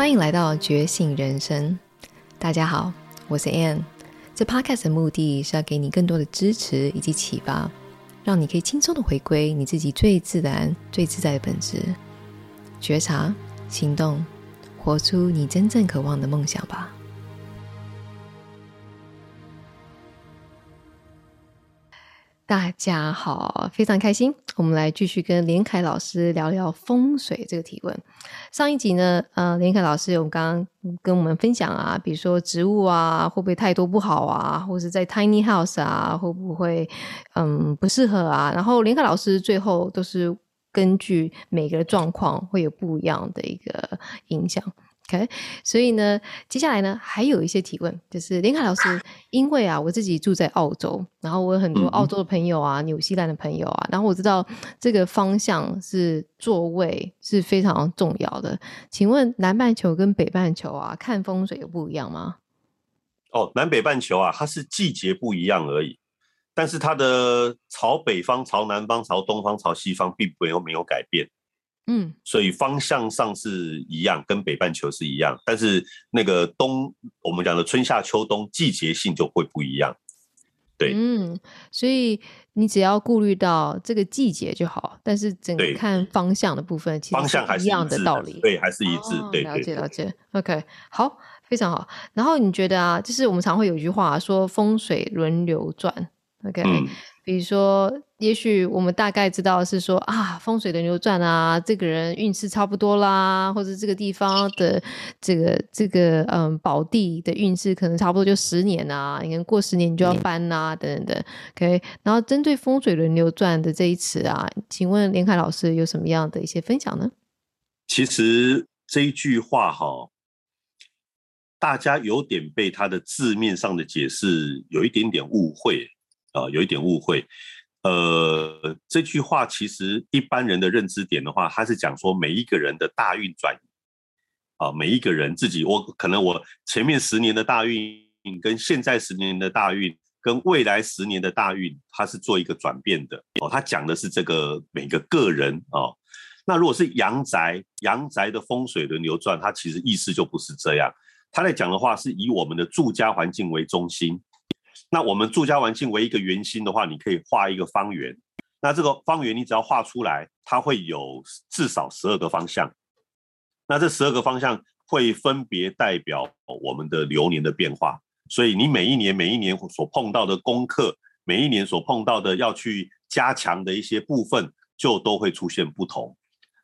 歡迎來到覺醒人生，大家好，我是 Ann。這 Podcast 的目的是要給你更多的支持以及啟發，讓你可以輕鬆的回歸你自己最自然、最自在的本質，覺察、行動，活出你真正渴望的夢想吧。大家好，非常開心。我們來繼續跟連凱老師聊聊風水這個提問。上一集呢，嗯、呃，連凱老師有剛剛跟我們分享啊，比如說植物啊，會不會太多不好啊？或者是在 tiny house 啊，會不會嗯不適合啊？然後連凱老師最後都是根據每個狀況會有不一樣的一個影響。OK，所以呢，接下來呢，還有一些提問，就是連凱老師， 因為啊，我自己住在澳洲，然後我有很多澳洲的朋友啊，紐、嗯嗯、西蘭的朋友啊，然後我知道這個方向是座位是非常重要的，請問南半球跟北半球啊，看風水有不一樣嗎？哦，南北半球啊，它是季節不一樣而已，但是它的朝北方、朝南方、朝東方、朝西方，並沒有沒有改變。嗯，所以方向上是一樣，跟北半球是一樣，但是那個冬，我們講的春夏秋冬季節性就會不一樣。對，嗯，所以你只要顧慮到這個季節就好，但是整個看方向的部分，其實方向還是一樣的道理。對，還是一致。哦、對，對，對，了解了解。OK，好，非常好。然後你覺得啊，就是我們常、常會有一句話、啊、說風水輪流轉。OK。嗯比如說，也許我們大概知道是說啊，風水輪流轉啊，這個人運勢差不多啦，或者這個地方的這個這個嗯寶地的運勢可能差不多就十年啊，你能過十年你就要翻吶、啊，等、嗯、等等。OK，然後針對風水輪流轉的這一詞啊，請問連凱老師有什麼樣的一些分享呢？其實這一句話哈，大家有點被它的字面上的解釋有一點點誤會。呃，有一點誤會。呃，這句話其實一般人的認知點的話，他是講說每一個人的大運轉，啊、呃，每一個人自己，我可能我前面十年的大運跟現在十年的大運跟未來十年的大運，它是做一個轉變的哦。他講的是這個每個個人哦。那如果是陽宅，陽宅的風水輪流轉，它其實意思就不是這樣。他在講的話是以我們的住家環境為中心。那我們住家環境為一個圓心的話，你可以畫一個方圓。那這個方圓你只要畫出來，它會有至少十二個方向。那這十二個方向會分別代表我們的流年的變化。所以你每一年每一年所碰到的功課，每一年所碰到的要去加強的一些部分，就都會出現不同。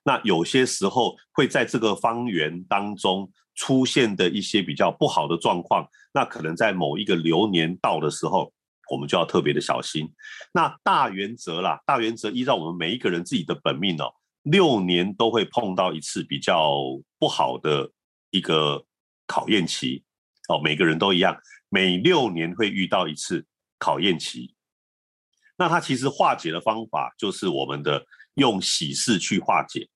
那有些時候會在這個方圓當中，出現的一些比較不好的狀況，那可能在某一個流年到的時候，我們就要特別的小心。那大原則啦，大原則依照我們每一個人自己的本命哦，六年都會碰到一次比較不好的一個考驗期哦，每個人都一樣，每六年會遇到一次考驗期。那它其實化解的方法就是我們的用喜事去化解。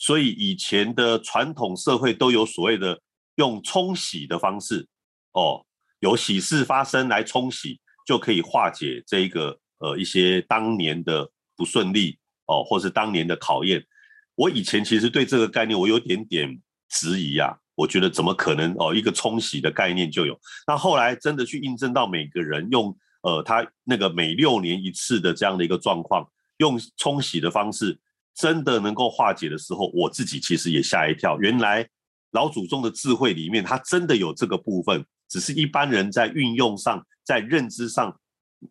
所以以前的傳統社會都有所謂的用沖喜的方式，哦，有喜事發生來沖喜，就可以化解這一個呃一些當年的不順利哦，或是當年的考驗。我以前其實對這個概念我有點點質疑啊，我覺得怎麼可能哦一個沖喜的概念就有？那後來真的去印證到每個人用呃他那個每六年一次的這樣的一個狀況，用沖喜的方式。真的能夠化解的時候，我自己其實也嚇一跳。原來老祖宗的智慧裡面，它真的有這個部分，只是一般人在運用上，在認知上，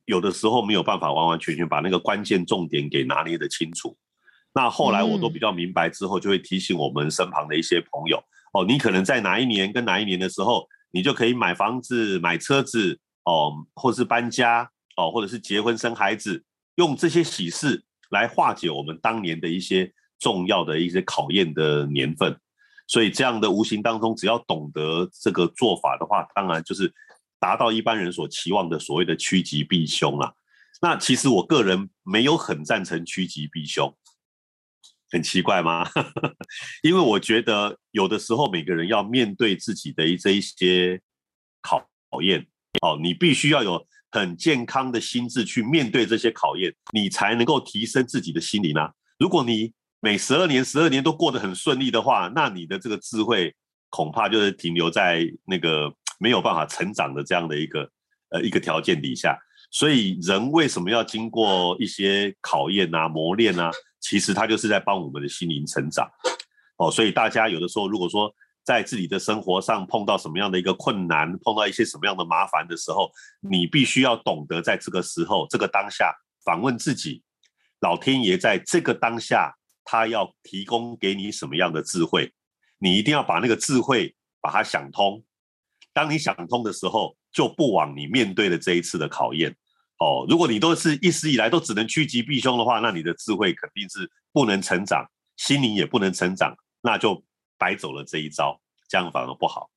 有的時候沒有辦法完完全全把那個關鍵重點給拿捏得清楚。那後來我都比較明白之後，就會提醒我們身旁的一些朋友：嗯、哦，你可能在哪一年跟哪一年的時候，你就可以買房子、買車子，哦、呃，或是搬家，哦、呃，或者是結婚生孩子，用這些喜事。來化解我們當年的一些重要的一些考驗的年份，所以這樣的無形當中，只要懂得這個做法的話，當然就是達到一般人所期望的所謂的趨吉避凶了、啊。那其實我個人沒有很贊成趨吉避凶，很奇怪嗎？因為我覺得有的時候每個人要面對自己的這一些考考驗，哦，你必須要有。很健康的心智去面對這些考驗，你才能夠提升自己的心靈啊！如果你每十二年、十二年都過得很順利的話，那你的這個智慧恐怕就是停留在那個沒有辦法成長的這樣的一個呃一個條件底下。所以人為什麼要經過一些考驗啊、磨練啊？其實它就是在幫我們的心靈成長。哦，所以大家有的時候如果說。在自己的生活上碰到什麼樣的一個困難，碰到一些什麼樣的麻煩的時候，你必須要懂得在這個時候、這個當下，反問自己：老天爺在這個當下，他要提供給你什麼樣的智慧？你一定要把那個智慧把它想通。當你想通的時候，就不枉你面對了這一次的考驗。哦，如果你都是一直以來都只能趨吉避凶的話，那你的智慧肯定是不能成長，心靈也不能成長，那就。白走了這一招，這樣反而不好。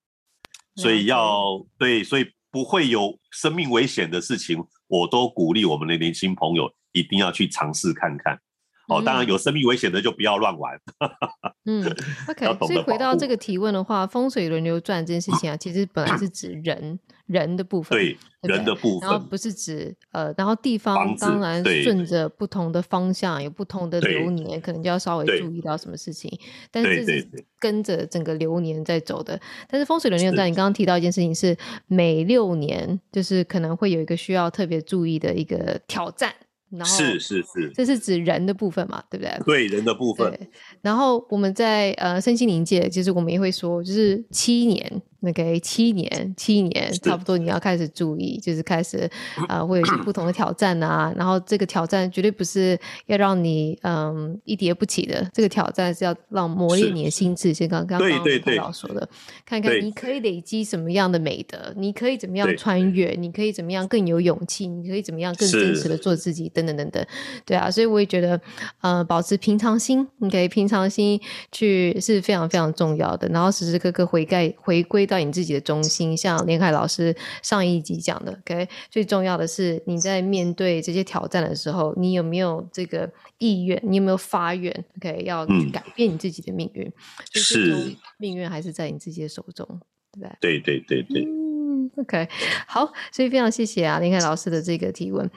嗯、所以要對，所以不會有生命危險的事情，我都鼓勵我們的年輕朋友一定要去嘗試看看。哦、嗯，當然有生命危險的就不要亂玩。 嗯，OK。所以回到這個提問的話，“風水輪流轉”這件事情啊，其實本來是指人。 人的部分，對，對，對，人的部分，然後不是指呃，然後地方當然順着不同的方向對，對，有不同的流年，可能就要稍微注意到什麼事情，但是，是跟着整個流年在走的。對對對，但是風水流年轉，你剛剛提到一件事情是，是每六年就是可能會有一個需要特別注意的一個挑戰，然後是、是、是，這是指人的部分嘛，對不對？對，人的部分對，然後我們在呃，身心靈界，其實我們也會說就是七年。那給、個，七年，七年差不多你要開始注意，就是開始，啊、呃，會有些不同的挑戰啊。 然後這個挑戰絕對不是要讓你嗯、呃、一跌不起的，這個挑戰是要讓磨練你的心智。先剛剛剛剛潘老師說的對對對，看看你可以累積什麼樣的美德，你可以怎麼樣穿越，對對對你可以怎麼樣更有勇氣，你可以怎麼樣更真實的做自己，等等等等。對啊，所以我也覺得，呃，保持平常心你可以平常心去是非常非常重要的。然後時時刻刻回蓋回歸。到你自己的中心，像連凱老師上一集講的，OK，最重要的是你在面對這些挑戰的時候，你有沒有這個意願？你有沒有發願？OK，要去改變你自己的命運，嗯，就是命運還是在你自己的手中，對不對？對對對對，嗯，OK，好，所以非常謝謝啊，連凱老師的這個提問。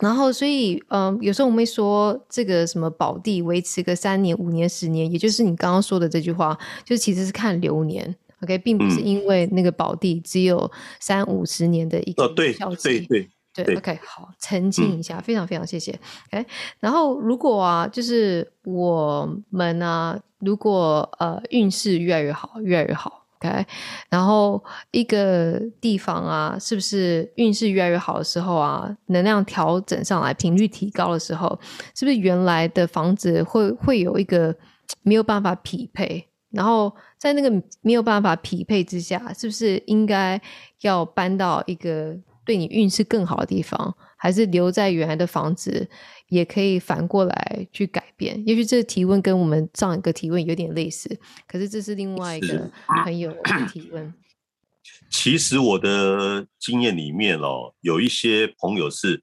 然後，所以嗯，有時候我們會說這個什麼寶地維持個三年、五年、十年，也就是你剛剛說的這句話，就其實是看流年。OK，並不是因為那個寶地只有三五十年的一個效期、哦、對，對對對,對。OK，好，澄清一下，嗯、非常非常謝謝。o、okay? 然後如果啊，就是我們呢、啊，如果呃運勢越來越好，越來越好，OK，然後一個地方啊，是不是運勢越來越好的時候啊，能量調整上來，頻率提高的時候，是不是原來的房子會會有一個沒有辦法匹配？然後在那個沒有辦法匹配之下，是不是應該要搬到一個對你運勢更好的地方，還是留在原來的房子也可以反過來去改變？也許這個提問跟我們上一個提問有點類似，可是這是另外一個朋友的提問 。其實我的經驗裡面哦，有一些朋友是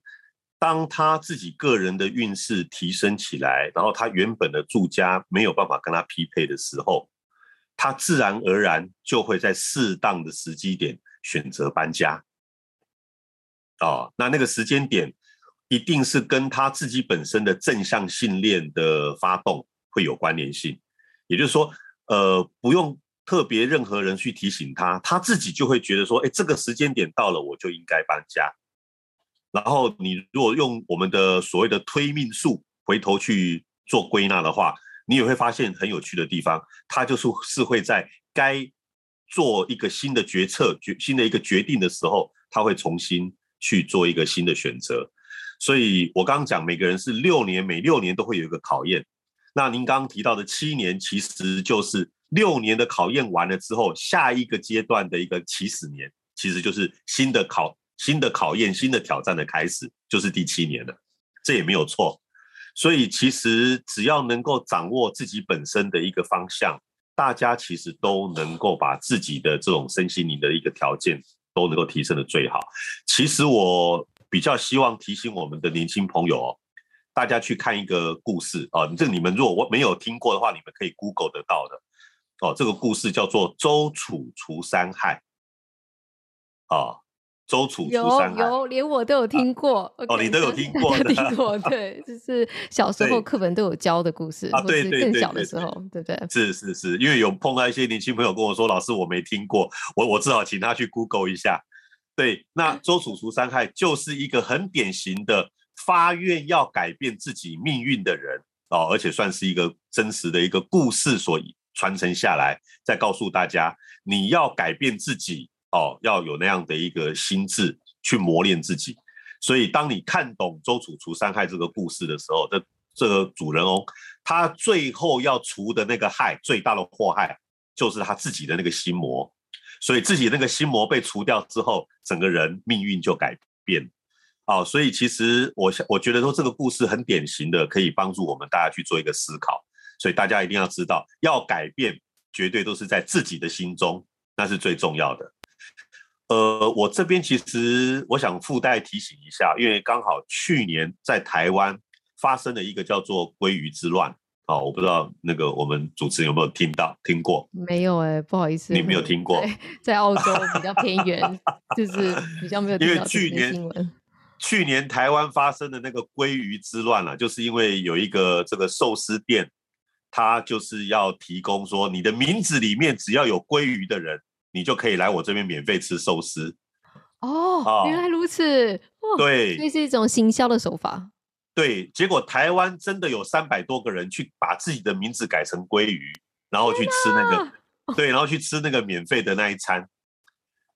當他自己個人的運勢提升起來，然後他原本的住家沒有辦法跟他匹配的時候。他自然而然就會在適當的時機點選擇搬家，哦，那那個時間點一定是跟他自己本身的正向訓練的發動會有關聯性，也就是說，呃，不用特別任何人去提醒他，他自己就會覺得說，哎，這個時間點到了，我就應該搬家。然後你如果用我們的所謂的推命術回頭去做歸納的話。你也會發現很有趣的地方，他就是是會在該做一個新的決策、決、新的一個決定的時候，他會重新去做一個新的選擇。所以我剛剛講，每個人是六年，每六年都會有一個考驗。那您剛剛提到的七年，其實就是六年的考驗完了之後，下一個階段的一個起始年，其實就是新的考、新的考驗、新的挑戰的開始，就是第七年了。這也沒有錯。所以，其實只要能夠掌握自己本身的一個方向，大家其實都能夠把自己的這種身心靈的一個條件都能夠提升的最好。其實我比較希望提醒我們的年輕朋友哦，大家去看一個故事哦，這你們如果我沒有聽過的話，你們可以 Google 得到的哦。這個故事叫做《周處除三害》哦周楚除三害，有連我都有聽過、啊、okay，哦，你都有聽過， 聽過對，就是小時候課本都有教的故事的啊，對對對，小的時候，對對、對、對、對對？是是是，因為有碰到一些年輕朋友跟我說， 老師我沒聽過，我我只好請他去 Google 一下。對，那周楚除三害就是一個很典型的發願要改變自己命運的人 哦，而且算是一個真實的一個故事所傳承下來，再告訴大家你要改變自己。哦，要有那樣的一個心智去磨練自己。所以，當你看懂周處除三害這個故事的時候，這這個主人翁他最後要除的那個害，最大的禍害就是他自己的那個心魔。所以，自己那個心魔被除掉之後，整個人命運就改變。哦，所以其實我想我覺得說這個故事很典型的，可以幫助我們大家去做一個思考。所以，大家一定要知道，要改變絕對都是在自己的心中，那是最重要的。呃，我這邊其實我想附帶提醒一下，因為剛好去年在台灣發生了一個叫做“鮭魚之亂”啊、哦，我不知道那個我們主持人有沒有聽到、聽過？沒有哎、欸，不好意思，你沒有聽過？對，在澳洲比較偏遠， 就是比較沒有聽。因為去年去年台灣發生的那個鮭魚之亂啊，就是因為有一個這個壽司店，他就是要提供說，你的名字裡面只要有鮭魚的人。你就可以來我這邊免費吃壽司哦，oh, oh, 原來如此，oh, 對，這是一種行銷的手法。對，結果台灣真的有三百多個人去把自己的名字改成鮭魚，然後去吃那個，啊、對，然後去吃那個免費的那一餐。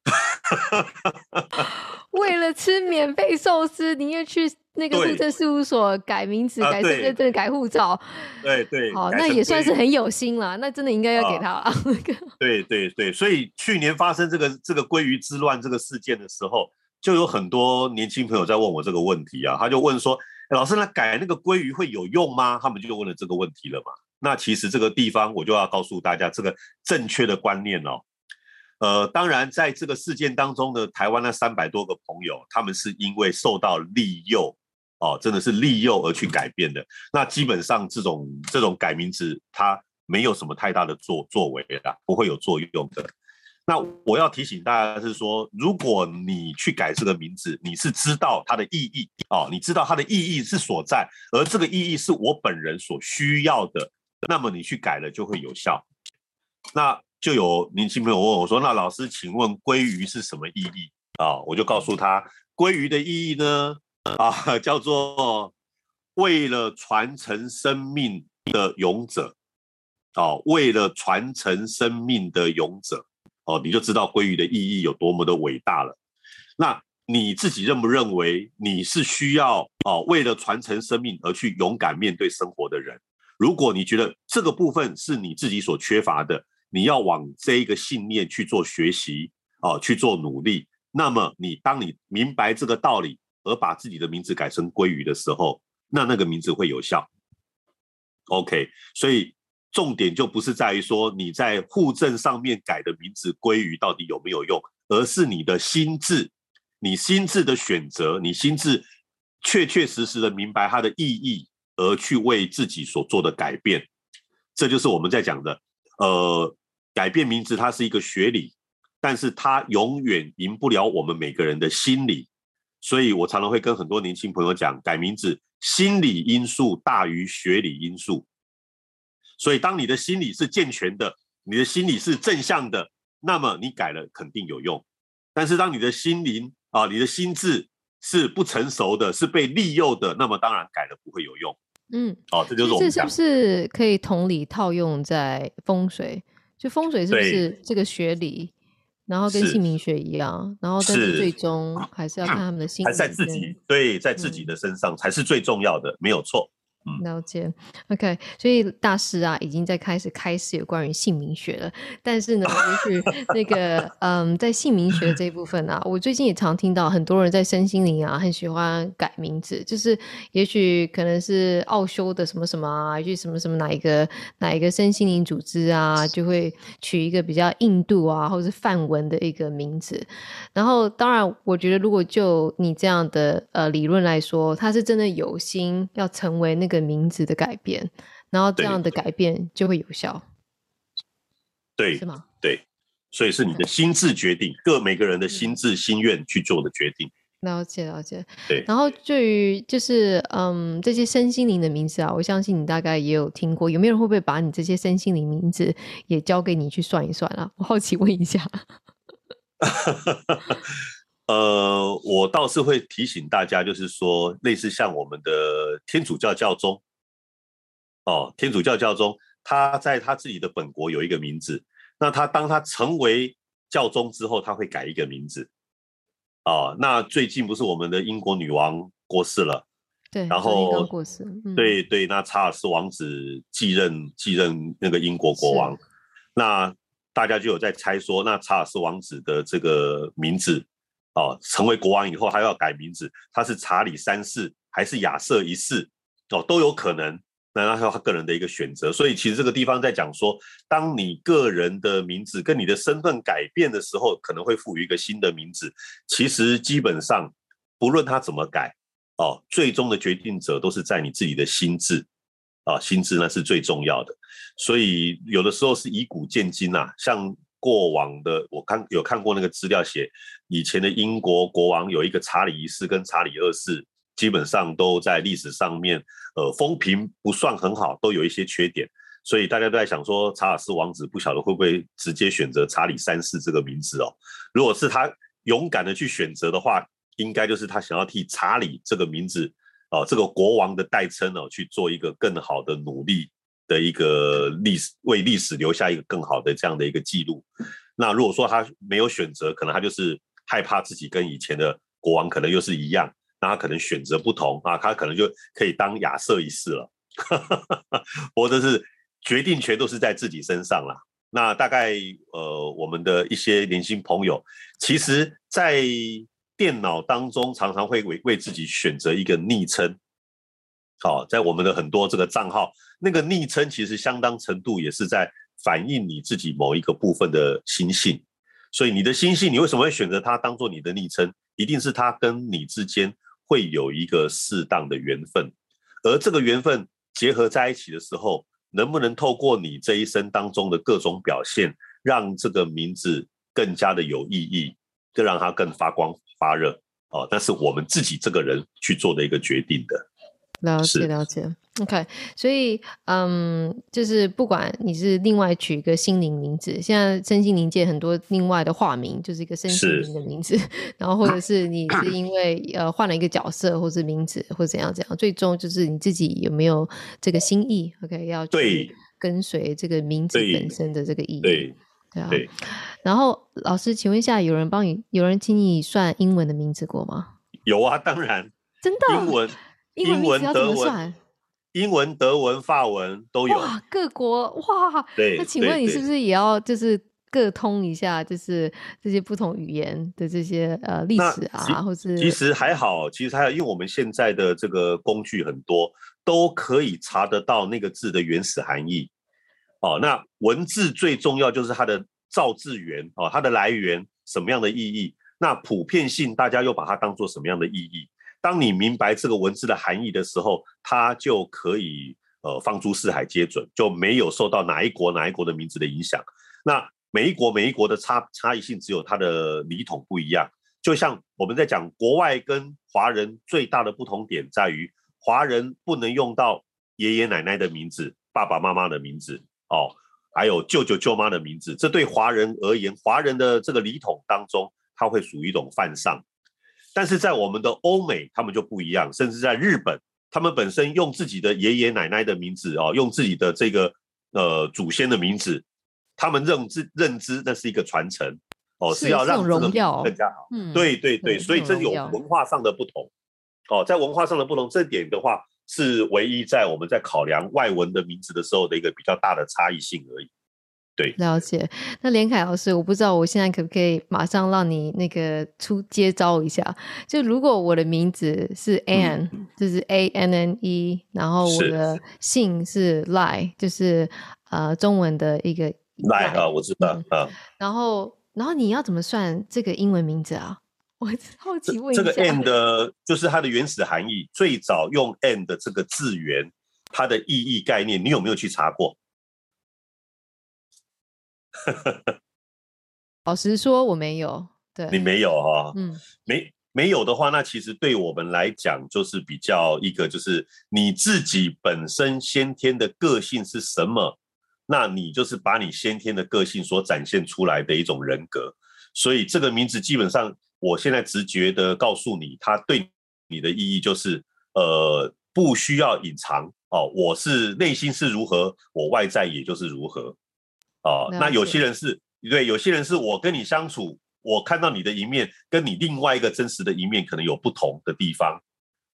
為了吃免費壽司，寧願去。那個律師事務所改名字，改身改護照，啊、對對，好，那也算是很有心了。那真的應該要給他、啊啊、對對對，所以去年發生這個這個鮭魚之亂這個事件的時候，就有很多年輕朋友在問我這個問題啊，嗯、他就問說：“欸、老師，那改那個鮭魚會有用嗎？”他們就問了這個問題了嘛。那其實這個地方我就要告訴大家這個正確的觀念哦。呃，當然在這個事件當中的台灣那三百多個朋友，他們是因為受到利誘。哦，真的是利誘而去改變的。那基本上這種這種改名字，它沒有什麼太大的作作為啦，不會有作用的。那我要提醒大家是說，如果你去改這個名字，你是知道它的意義哦，你知道它的意義是所在，而這個意義是我本人所需要的，那麼你去改了就會有效。那就有年輕朋友問我，我說：“那老師，請問鮭魚是什麼意義啊，哦？”我就告訴他：“鮭魚的意義呢？”啊，叫做為了傳承生命的勇者，哦、啊，為了傳承生命的勇者，哦、啊，你就知道鮭魚的意義有多麼的偉大了。那你自己認不認為你是需要哦、啊，為了傳承生命而去勇敢面對生活的人？如果你覺得這個部分是你自己所缺乏的，你要往這一個信念去做學習，哦、啊，去做努力。那麼你，你當你明白這個道理，而把自己的名字改成鮭魚的時候，那那個名字會有效？OK，所以重點就不是在於說你在戶政上面改的名字鮭魚到底有沒有用，而是你的心智，你心智的選擇，你心智確確實實的明白它的意義，而去為自己所做的改變，這就是我們在講的。呃，改變名字它是一個學理，但是它永遠贏不了我們每個人的心理。所以我常常會跟很多年輕朋友講，改名字心理因素大於學理因素。所以，當你的心理是健全的，你的心理是正向的，那麼你改了肯定有用。但是，當你的心靈啊、呃，你的心智是不成熟的，是被利誘的，那麼當然改了不會有用。嗯，好、哦，這就是我們的。這是不是可以同理套用在風水？就風水是不是這個學理？然後跟姓名學一樣，然後但是最終還是要看他們的性格，還在自己對、對，在自己的身上才、嗯、是最重要的，沒有錯。了解，OK，所以大師啊已經在開始開始有關於姓名學了。但是呢，也許那個 嗯，在姓名學這一部分啊，我最近也常聽到很多人在身心靈啊很喜歡改名字，就是也許可能是奧修的什麼什麼啊，也許什麼什麼哪一個哪一個身心靈組織啊，就會取一個比較印度啊或者是梵文的一個名字。然後當然，我覺得如果就你這樣的呃理論來說，他是真的有心要成為那個。的名字的改變，然後這樣的改變就會有效。對，對，是嗎？對，所以是你的心智決定，各每個人的心智心願去做的決定。嗯，了解，了解。對，然後對於就是嗯，這些身心靈的名字啊，我相信你大概也有聽過。有沒有人會不會把你這些身心靈名字也交給你去算一算啊？我好奇問一下。 呃，我倒是會提醒大家，就是說，類似像我們的天主教教宗，哦，天主教教宗，他在他自己的本國有一個名字。那他當他成為教宗之後，他會改一個名字。哦，那最近不是我們的英國女王過世了，對，然後、嗯、對對，那查爾斯王子繼任繼任那個英國國王，那大家就有在猜說，那查爾斯王子的這個名字。哦，成為國王以後，他又要改名字，他是查理三世還是亞瑟一世，哦，都有可能。那還有他個人的一個選擇，所以其實這個地方在講說，當你個人的名字跟你的身份改變的時候，可能會賦予一個新的名字。其實基本上，不論他怎麼改，哦，最終的決定者都是在你自己的心智，啊，心智那是最重要的。所以有的時候是以古見今啊，像。過往的我看有看過那個資料寫，以前的英國國王有一個查理一世跟查理二世，基本上都在歷史上面，呃，風評不算很好，都有一些缺點，所以大家都在想說查爾斯王子不曉得會不會直接選擇查理三世這個名字哦。如果是他勇敢的去選擇的話，應該就是他想要替查理這個名字哦、呃，這個國王的代稱哦，去做一個更好的努力。的一個歷史，為歷史留下一個更好的這樣的一個記錄。那如果說他沒有選擇，可能他就是害怕自己跟以前的國王可能又是一樣，那他可能選擇不同啊，他可能就可以當亞瑟一世了。哈，不過這是決定權都是在自己身上啦。那大概呃，我們的一些年輕朋友，其實在電腦當中常常會為為自己選擇一個昵稱好、哦，在我們的很多這個賬號，那個昵稱其實相當程度也是在反映你自己某一個部分的心性。所以你的心性，你為什麼會選擇它當做你的昵稱？一定是它跟你之間會有一個適當的緣分。而這個緣分結合在一起的時候，能不能透過你這一生當中的各種表現，讓這個名字更加的有意義，更讓它更發光發熱？哦，那是我們自己這個人去做的一個決定的。了解，了解，了解。OK，所以，嗯，就是不管你是另外取一個心靈名字，現在身心靈界很多另外的化名，就是一個身心靈的名字，然後或者是你是因為 呃換了一個角色或者名字或者怎樣怎樣，最終就是你自己有沒有這個心意？OK，要去跟隨這個名字本身的這個意義，對對、對、對。然後老師，請問一下，有人幫你有人請你算英文的名字過嗎？有啊，當然。真的？英文。英，文，英文，文、德文、英文、德文、法文都有各國哇。對，那請問你是不是也要就是各通一下，就是這些不同語言的這些呃歷史啊，啊，或是其實還好，其實還好，因為我們現在的這個工具很多都可以查得到那個字的原始含義。哦，那文字最重要就是它的造字源哦，它的來源什麼樣的意義？那普遍性大家又把它當做什麼樣的意義？當你明白這個文字的含義的時候，它就可以呃放諸四海皆準，就沒有受到哪一國哪一國的名字的影響。那每一國每一國的差差異性只有它的禮統不一樣。就像我們在講國外跟華人最大的不同點，在於華人不能用到爺爺奶奶的名字，爸爸媽媽的名字哦，還有舅舅舅媽的名字。這對華人而言，華人的這個禮統當中，它會屬於一種犯上。但是在我們的歐美，他們就不一樣，甚至在日本，他們本身用自己的爺爺奶奶的名字哦，用自己的這個呃祖先的名字，他們認知認知那是一個傳承哦，是要讓這個更加好，嗯。對對對，所以，所以這有文化上的不同、嗯嗯的不同嗯。哦，在文化上的不同，這點的話是唯一在我們在考量外文的名字的時候的一個比較大的差異性而已。對，了解。那連凱老師，我不知道我現在可不可以馬上讓你那個出接招一下？就如果我的名字是 Anne、嗯、就是 A N N E，然後我的姓是 Lie，就是呃中文的一個 Lie，Lie 啊，我知道、嗯、啊。然後，然後你要怎麼算這個英文名字啊？我好奇問一下，這、這個 Anne 的就是它的原始含義，最早用 Anne 的這個字源，它的意義概念，你有沒有去查過？呵呵呵，老實說，我沒有。對。你沒有哈、哦，嗯，沒沒有的話，那其實對我們來講，就是比較一個，就是你自己本身先天的個性是什麼，那你就是把你先天的個性所展現出來的一種人格。所以這個名字，基本上我現在直覺的告訴你，它對你的意義就是，呃，不需要隱藏哦，我是內心是如何，我外在也就是如何。哦，那有些人是對，有些人是我跟你相處，我看到你的一面，跟你另外一個真實的一面可能有不同的地方。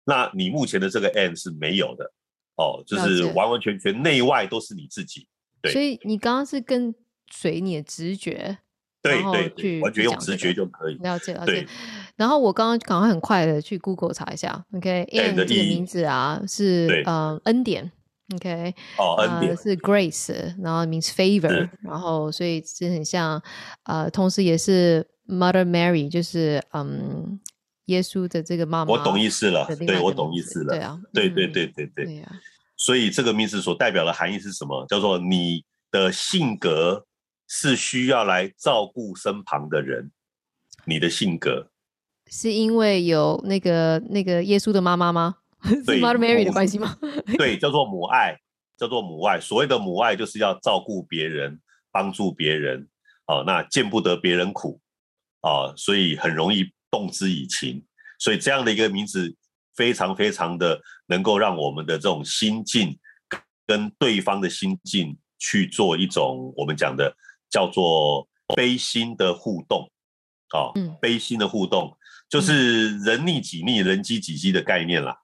那你目前的這個 N 是沒有的，哦，就是完完全全內外都是你自己對。對，所以你剛剛是跟隨你的直覺，對對對，對，完全用直覺就可以。了解了解，剛剛剛了解。然後我剛剛趕快很快的去 Google 查一下，OK，n d 的名字啊、e、是、呃、N 點。OK，哦、oh, 呃，啊，是 Grace，然後 means favor，然後所以這很像，呃，同時也是 Mother Mary，就是嗯，耶穌的這個媽媽個。我懂意思了，對我懂意思了，對啊，嗯、對對對對對。對啊、所以這個名詞所代表的含義是什麼？叫做你的性格是需要來照顧身旁的人，你的性格是因為有那個那個耶穌的媽媽嗎？ 對，關愛嗎？對，叫做母愛，叫做母愛。所謂的母愛，就是要照顧別人，幫助別人。呃、那見不得別人苦、呃、所以很容易動之以情。所以這樣的一個名字，非常非常的能夠讓我們的這種心境跟對方的心境去做一種我們講的叫做悲心的互動、呃嗯、悲心的互動，就是人溺己溺，人飢己飢的概念啦。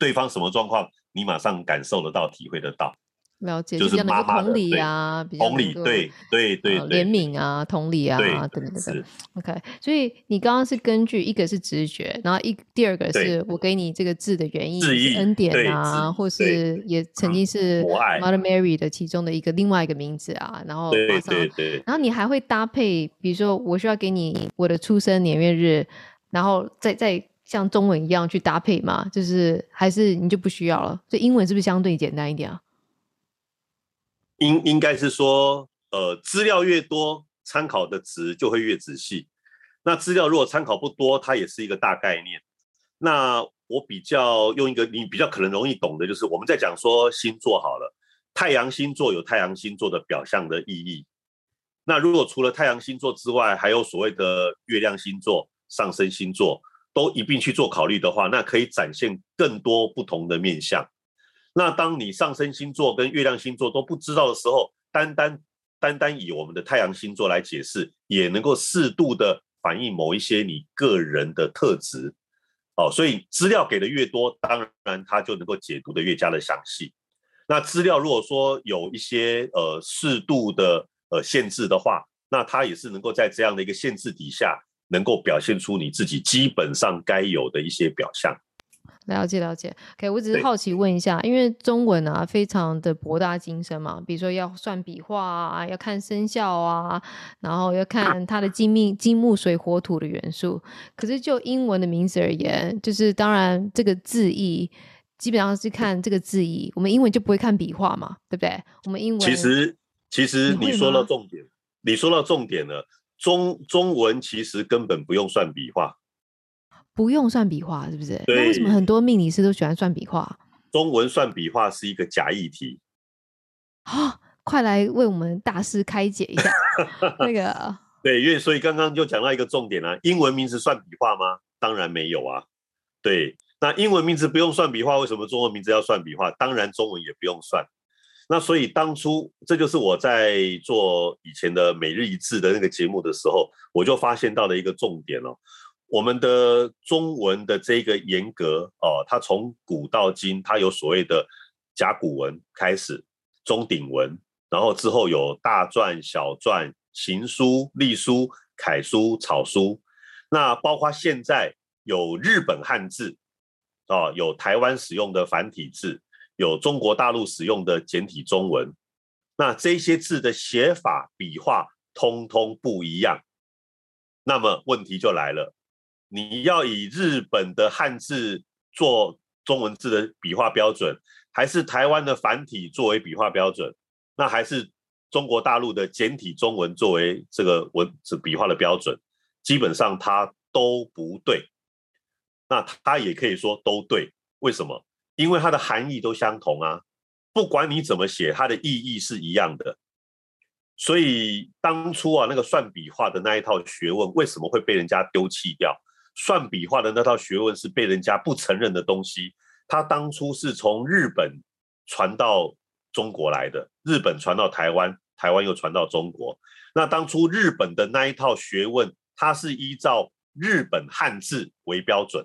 對方什麼狀況，你馬上感受得到、體會得到，了解就是媽媽的比同理啊，比如同理對對對對，憐憫啊,名啊、同理啊等等等。OK，所以你剛剛是根據一個是直覺，然後一第二個是我給你這個字的原因、是恩典啊，或是也曾經是 Mother Mary 的其中的一個另外一個名字啊，然後馬上對對對，然後你還會搭配，比如說我需要給你我的出生年月日，然後再再。像中文一樣去搭配嘛，就是還是你就不需要了。所以英文是不是相對簡單一點啊？應應該是說，呃，資料越多，參考的值就會越仔細。那資料如果參考不多，它也是一個大概念。那我比較用一個你比較可能容易懂的，就是我們在講說星座好了，太陽星座有太陽星座的表象的意義。那如果除了太陽星座之外，還有所謂的月亮星座、上升星座。都一併去做考慮的話，那可以展現更多不同的面向。那當你上升星座跟月亮星座都不知道的時候，單單單單以我們的太陽星座來解釋，也能夠適度的反映某一些你個人的特質。哦，所以資料給的越多，當然它就能夠解讀的越加的詳細。那資料如果說有一些呃適度的呃限制的話，那它也是能夠在這樣的一個限制底下。能夠表現出你自己基本上該有的一些表象，了解了解。OK，我只是好奇問一下，因為中文啊非常的博大精深嘛，比如說要算筆畫啊，要看生肖啊，然後要看它的金命、金木水火土的元素。可是就英文的名字而言，就是當然這個字義基本上是看這個字義，我們英文就不會看筆畫嘛，對不對？我們英文其實其實你說到重點，你,你說到重點了。中中文其實根本不用算筆畫，不用算筆畫是不是？那為什麼很多命理師都喜歡算筆畫？中文算筆畫是一個假議題。好、哦，快來為我們大師開解一下 那個。對，因為所以剛剛就講到一個重點啊：英文名字算筆畫嗎？當然沒有啊。對，那英文名字不用算筆畫，為什麼中文名字要算筆畫？當然中文也不用算。那所以當初這就是我在做以前的每日一字的那個節目的時候，我就發現到了一個重點了、哦。我們的中文的這個沿革哦，它從古到今，它有所謂的甲骨文開始，鐘鼎文，然後之後有大篆、小篆、行書、隸書、楷書、草書，那包括現在有日本漢字啊、哦，有台灣使用的繁體字。有中國大陸使用的簡體中文，那這些字的寫法、筆畫通通不一樣。那麼問題就來了：你要以日本的漢字做中文字的筆畫標準，還是台灣的繁體作為筆畫標準？那還是中國大陸的簡體中文作為這個文字筆畫的標準？基本上它都不對。那它也可以說都對，為什麼？因為它的含義都相同啊，不管你怎麼寫，它的意義是一樣的。所以當初啊，那個算筆畫的那一套學問，為什麼會被人家丟棄掉？算筆畫的那套學問是被人家不承認的東西。它當初是從日本傳到中國來的，日本傳到台灣，台灣又傳到中國。那當初日本的那一套學問，它是依照日本漢字為標準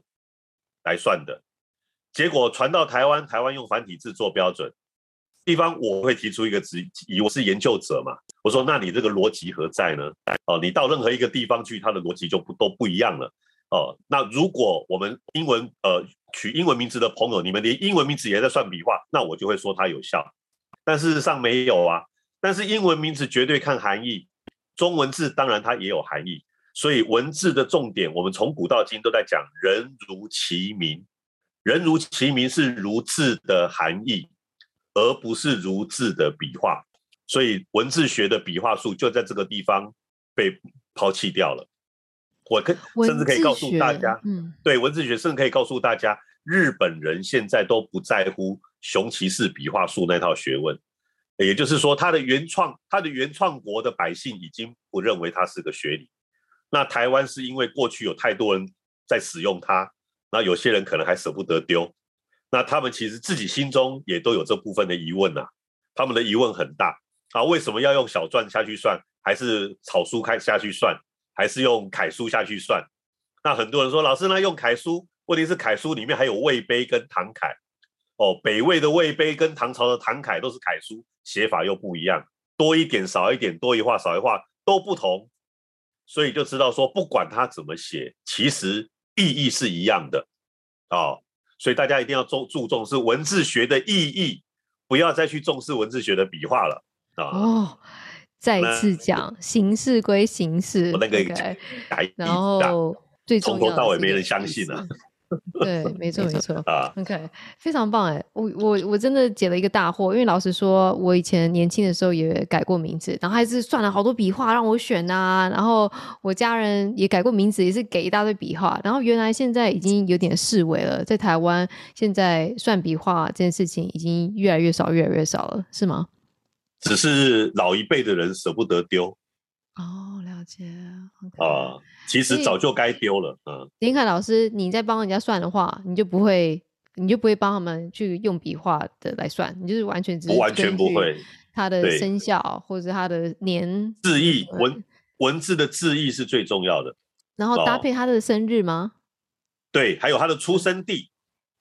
來算的。結果傳到台灣，台灣用繁體字做標準地方，我會提出一個質疑，我是研究者嘛，我說，那你這個邏輯何在呢？哦、呃，你到任何一個地方去，它的邏輯就不都不一樣了。哦、呃，那如果我們英文呃取英文名字的朋友，你們連英文名字也在算筆畫，那我就會說它有效，但事實上沒有啊。但是英文名字絕對看含義，中文字當然它也有含義，所以文字的重點，我們從古到今都在講人如其名。人如其名是，如字的含義，而不是如字的筆畫。所以文字學的筆畫術就在這個地方被拋棄掉了。我可甚至可以告訴大家，對文字學，嗯、文字學甚至可以告訴大家，日本人現在都不在乎熊崎式筆畫術那套學問。也就是說他，他的原創，他的原創國的百姓已經不認為他是個學理。那台灣是因為過去有太多人在使用它。那有些人可能還捨不得丟，那他們其實自己心中也都有這部分的疑問吶、啊。他們的疑問很大啊，為什麼要用小篆下去算，還是草書開下去算，還是用楷書下去算？那很多人說，老師呢，那用楷書。問題是楷書裡面還有魏碑跟唐楷哦，北魏的魏碑跟唐朝的唐楷都是楷書，寫法又不一樣，多一點少一點，多一畫少一畫都不同，所以就知道說，不管他怎麼寫，其實。意義是一樣的，哦，所以大家一定要重注重是文字學的意義，不要再去重視文字學的筆畫了。嗯、哦，再一次講、嗯、形式歸形式，那個、okay, 然後、啊、從頭到尾沒人相信了、啊。 對，沒錯，沒錯、 啊。OK，非常棒哎！我我我真的解了一個大惑，因為老實說，我以前年輕的時候也改過名字，然後還是算了好多筆畫讓我選吶、啊。然後我家人也改過名字，也是給一大堆筆畫。然後原來現在已經有點式微了，在台灣現在算筆畫這件事情已經越來越少，越來越少了，是嗎？只是老一輩的人舍不得丟。哦，了解。Okay 啊其實早就該丟了，嗯。連凱老師，你在幫人家算的話，你就不會，你就不會幫他們去用筆畫的來算，你就是完全只完全不會他的生肖或者他的年字意、嗯、文文字的字意是最重要的。然後搭配他的生日嗎？對，還有他的出生地，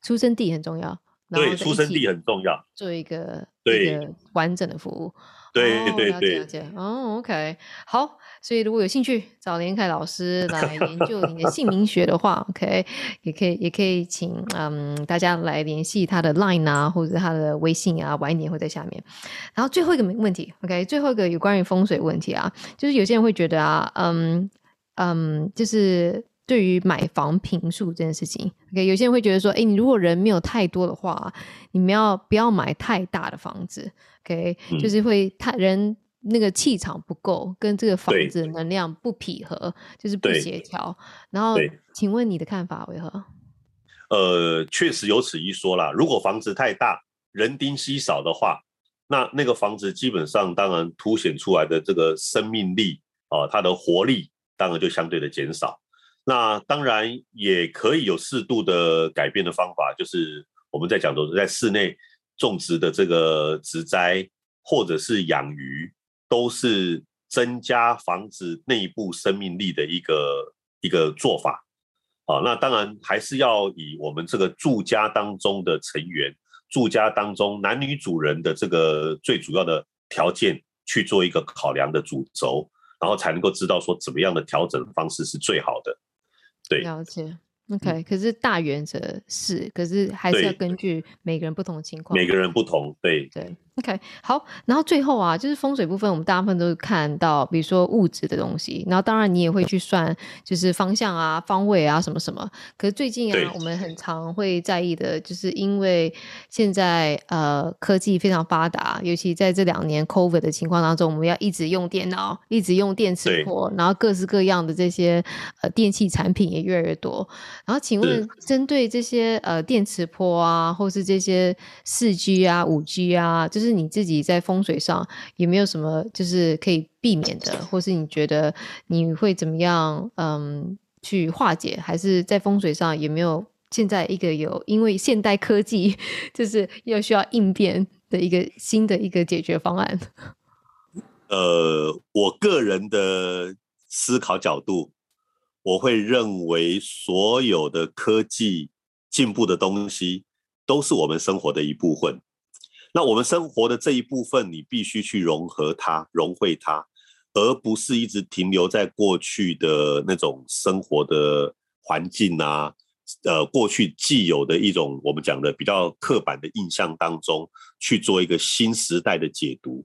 出生地很重要。對，出生地很重要，做一個對一個完整的服務。對對對、oh，了解，哦、oh，OK，好，所以如果有興趣找連凱老師來研究你的姓名學的話 ，OK，也可以也可以請嗯、um，大家來聯繫他的 Line 啊，或者他的微信啊，晚一點會在下面。然後最後一個問題，OK，最後一個有關於風水問題啊，就是有些人會覺得啊，嗯嗯，就是。對於買房坪數這件事情，OK，有些人會覺得說，哎，你如果人沒有太多的話，你們要不要買太大的房子？OK，、嗯、就是會太，人那個氣場不夠，跟這個房子能量不匹合，就是不協調。然後，請問你的看法為何？呃，確實有此一說啦。如果房子太大，人丁稀少的話，那那個房子基本上當然凸顯出來的這個生命力啊、呃，它的活力當然就相對的減少。那當然也可以有適度的改變的方法，就是我們在講的，在室內種植的這個植栽，或者是養魚，都是增加房子內部生命力的一個一個做法。啊，那當然還是要以我們這個住家當中的成員，住家當中男女主人的這個最主要的條件去做一個考量的主軸，然後才能夠知道說怎麼樣的調整方式是最好的。對，了解，OK，嗯。可是大原則是，可是還是要根據每個人不同的情況。每個人不同，對對。OK，好，然後最後啊，就是風水部分，我們大部分都是看到，比如說物質的東西，然後當然你也會去算，就是方向啊、方位啊什麼什麼。可是最近啊，我們很常會在意的，就是因為現在呃科技非常發達，尤其在這兩年 COVID 的情況當中，我們要一直用電腦，一直用電磁波，然後各式各樣的這些呃電器產品也越來越多。然後請問，針對這些呃電磁波啊，或是這些四 G 啊、五 G 啊，就是你自己在風水上有沒有什麼，就是可以避免的，或是你覺得你會怎麼樣？嗯，去化解，還是在風水上有沒有？現在一個有，因為現代科技就是要需要應變的一個新的一個解決方案。呃，我個人的思考角度，我會認為所有的科技進步的東西都是我們生活的一部分。那我們生活的這一部分，你必須去融合它，融會它，而不是一直停留在過去的那種生活的環境啊，呃，過去既有的一種我們講的比較刻板的印象當中去做一個新時代的解讀。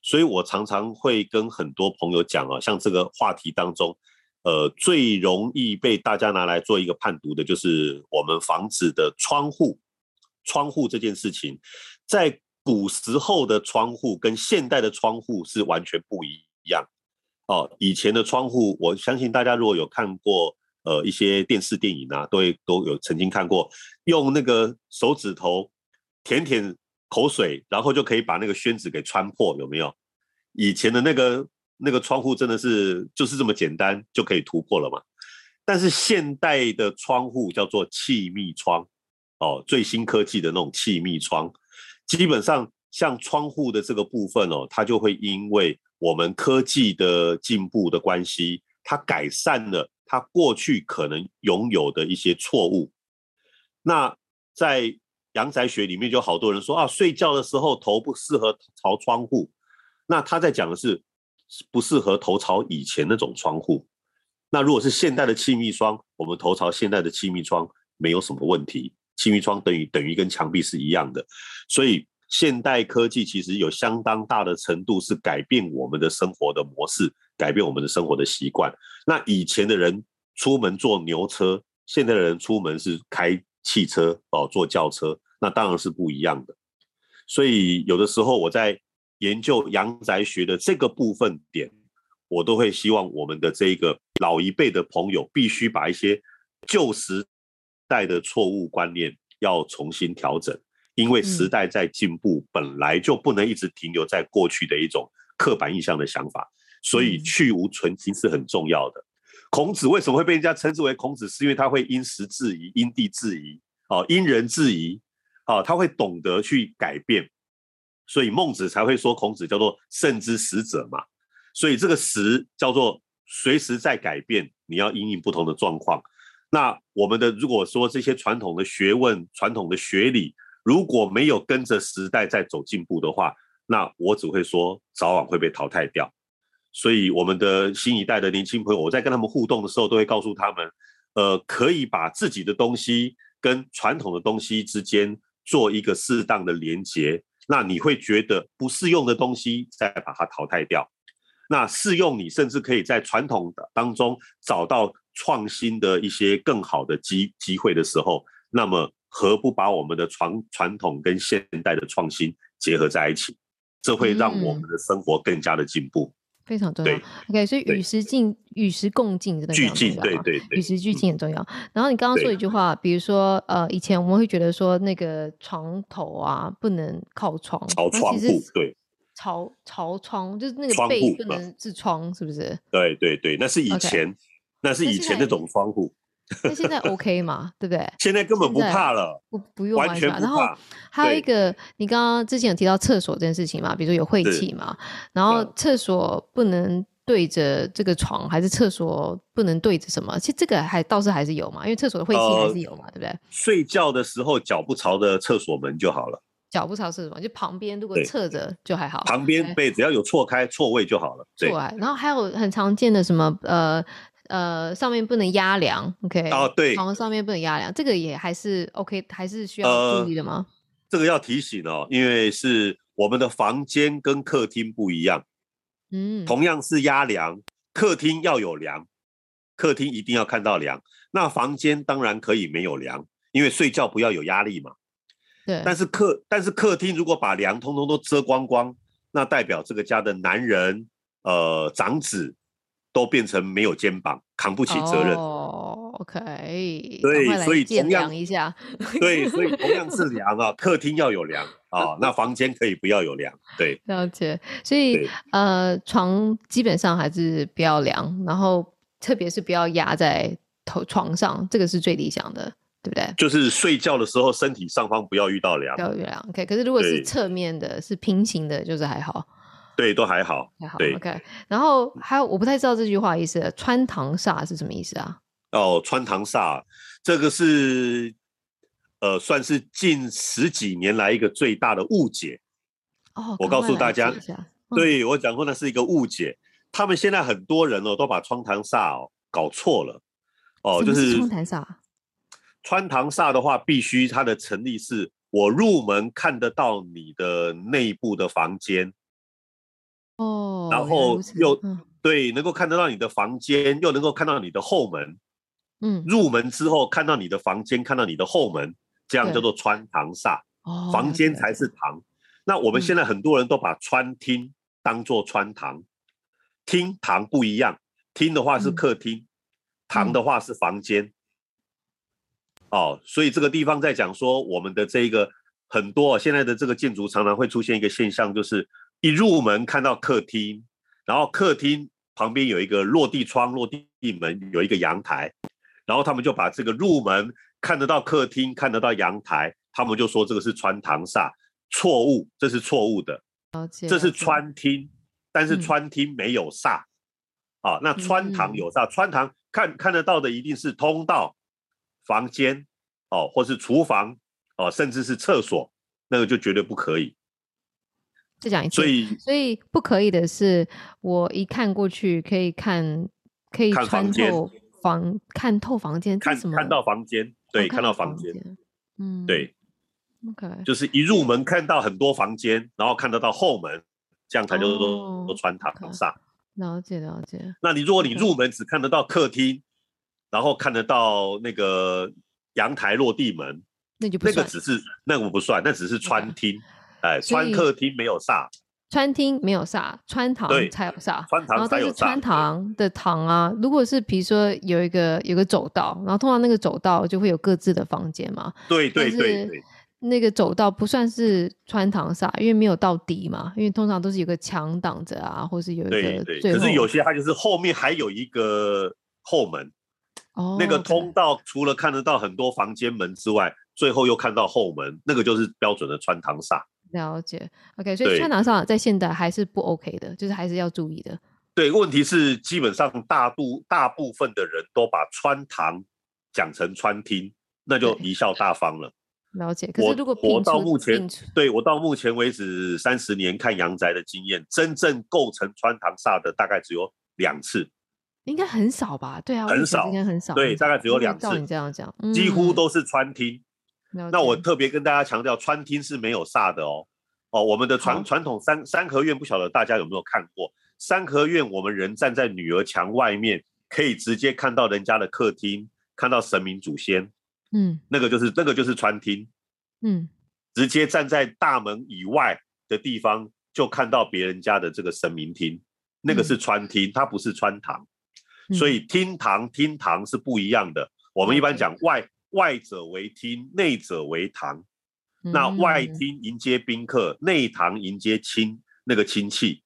所以我常常會跟很多朋友講啊，像這個話題當中，呃，最容易被大家拿來做一個判讀的就是我們房子的窗戶，窗戶這件事情，在古時候的窗戶跟現代的窗戶是完全不一樣哦。以前的窗戶，我相信大家如果有看過呃一些電視電影啊，都都有曾經看過，用那個手指頭舔舔口水，然後就可以把那個宣紙給穿破，有沒有？以前的那個那個窗戶真的是就是這麼簡單就可以突破了嘛？但是現代的窗戶叫做氣密窗哦，最新科技的那種氣密窗。基本上，像窗戶的這個部分哦，它就會因為我們科技的進步的關係，它改善了它過去可能擁有的一些錯誤。那在陽宅學裡面，就好多人說啊，睡覺的時候頭不適合朝窗戶。那他在講的是不適合頭朝以前那種窗戶。那如果是現代的氣密窗，我們頭朝現代的氣密窗沒有什麼問題。青雲窗等於等於跟牆壁是一樣的，所以現代科技其實有相當大的程度是改變我們的生活的模式，改變我們的生活的習慣。那以前的人出門坐牛車，現在的人出門是開汽車哦、呃，坐轎車，那當然是不一樣的。所以有的時候我在研究陽宅學的這個部分點，我都會希望我們的這個老一輩的朋友必須把一些舊時代的錯誤觀念要重新調整，因為時代在進步，嗯，本來就不能一直停留在過去的一種刻板印象的想法，所以去蕪存菁是很重要的、嗯。孔子為什麼會被人家稱之為孔子？是因為他會因時制宜、因地制宜，啊，因人制宜，啊，他會懂得去改變，所以孟子才會說孔子叫做聖之時者嘛。所以這個時叫做隨時在改變，你要因應不同的狀況。那我們的如果說這些傳統的學問、傳統的學理，如果沒有跟着時代在走進步的話，那我只會說，早晚會被淘汰掉。所以，我們的新一代的年輕朋友，我在跟他們互動的時候，都會告訴他們，呃，可以把自己的東西跟傳統的東西之間做一個適當的連接。那你會覺得不適用的東西，再把它淘汰掉。那適用，你甚至可以在傳統的當中找到，創新的一些更好的機機會的時候，那麼何不把我們的傳傳統跟現代的創新結合在一起？這會讓我們的生活更加的進步，嗯、非常重要。OK，所以與時進、與時共進，這個俱進，對對，對與時俱進很重要、嗯。然後你剛剛說一句話，比如說呃，以前我們會覺得說那個床頭啊不能靠床，朝窗戶對，朝朝窗就是那個背不能是窗,窗，是不是？對對對，那是以前。Okay. 那是以前那種窗戶，那現在 OK 嘛？對不對？現在根本不怕了，不 不用完全不怕。然後還有一個，你剛剛之前有提到廁所這件事情嘛？比如說有晦氣嘛？然後廁所不能對着這個床，還是廁所不能對着什麼？其實這個還倒是還是有嘛，因為廁所的晦氣還是有嘛、呃，對不對？睡覺的時候腳不朝著廁所門就好了，腳不朝是什麼，就旁邊如果側着就還好，對對，旁邊被只要有錯開錯位就好了。對，然後還有很常見的什麼呃。呃，上面不能壓梁，OK 哦，對，床上面不能壓梁，這個也還是 OK，還是需要注意的嗎？呃，這個要提醒哦，因為是我們的房間跟客廳不一樣，嗯，同樣是壓梁，客廳要有梁，客廳一定要看到梁，那房間當然可以沒有梁，因為睡覺不要有壓力嘛。對，但是客但是客廳如果把梁通通都遮光光，那代表這個家的男人，呃，長子。都變成沒有肩膀扛不起責任，oh，OK 對。對，所以同樣一下， 對，所以同樣是樑啊， 客廳要有樑啊， 哦，那房間可以不要有樑，對。了解，所以呃，床基本上還是不要樑，然後特別是不要壓在頭床上，這個是最理想的，對不對？就是睡覺的時候身體上方不要遇到樑，不要遇樑。OK。可是如果是側面的，是平行的，就是還好。對，都還好，還好。對，OK。然後還有，我不太知道這句話的意思、嗯，穿堂煞是什麼意思啊？哦，穿堂煞，這個是呃，算是近十幾年來一個最大的誤解。哦，我告訴大家，嗯、對，我講過，那是一個誤解。他們現在很多人哦，都把穿堂煞哦搞錯了。哦，是就是穿堂煞。穿堂煞的話，必須它的成立是，我入門看得到你的內部的房間。哦，然後又對，對，嗯，能夠看得到你的房間，又能夠看到你的後門。嗯，入門之後看到你的房間，看到你的後門，這樣叫做穿堂煞。哦，房間才是堂。哦、okay, 那我們現在很多人都把穿廳當做穿堂，廳、嗯、堂不一樣。廳的話是客廳、嗯，堂的話是房間、嗯。哦，所以這個地方在講說，我們的這一個很多現在的這個建築常常會出現一個現象，就是。一入門看到客廳，然後客廳旁邊有一個落地窗，落地門，有一個陽台，然後他們就把這個入門看得到客廳，看得到陽台，他們就說這個是穿堂煞，錯誤，這是錯誤的。了解，這是穿廳，但是穿廳沒有煞、嗯、啊。那穿堂有煞，穿堂看看得到的一定是通道、房間哦、啊，或是廚房哦、啊，甚至是廁所，那個就絕對不可以。這講一句所,以所以不可以的是，我一看過去可以看，可以穿透房,看,房,間房看透房間，什麼看看到,間、哦、看到房間，對，看到房間，嗯，對，okay. 就是一入門看到很多房間，然後看得到,到後門，這樣才就是說、哦、穿堂、okay. 上。了解了解。那你如果你入門只看得到客廳，okay. 然後看得到那個陽台落地門，那就不算那個只是那個不算，那只是穿廳。Okay. 哎，穿客廳沒有煞，穿廳沒有煞，穿堂才有煞。穿堂才有煞。然後但是穿堂的堂啊，如果是比如說有一個有個走道，然後通常那個走道就會有各自的房間嘛。對對對，對，對。那個走道不算是穿堂煞，因為沒有到底嘛，因為通常都是有個牆擋着啊，或是有一個。對，對，對。可是有些它就是後面還有一個後門，哦，那個通道除了看得到很多房間門之外，最後又看到後門，那個就是標準的穿堂煞。了解，OK，所以穿堂煞在現代還是不 OK 的，就是還是要注意的。對，問題是基本上大部大部分的人都把穿堂講成穿廳，那就貽笑大方了。了解，可是如果我,我到目前，對我到目前為止三十年看陽宅的經驗，真正構成穿堂煞的大概只有兩次。應該很少吧？對啊，很少，應該很少。對，大概只有兩次。照你這樣講，嗯，幾乎都是穿廳。那我特別跟大家強調，穿廳是沒有煞的哦。哦，我們的傳傳、Oh. 統三三合院，不曉得大家有沒有看過？三合院，我們人站在女兒牆外面，可以直接看到人家的客廳，看到神明祖先。嗯，那個就是那個就是穿廳。嗯，直接站在大門以外的地方，就看到別人家的這個神明廳、嗯，那個是穿廳，它不是穿堂、嗯。所以廳堂廳堂是不一樣的。我們一般講外。嗯外者為廳，內者為堂。嗯、那外廳迎接賓客，嗯、內堂迎接親那個親戚、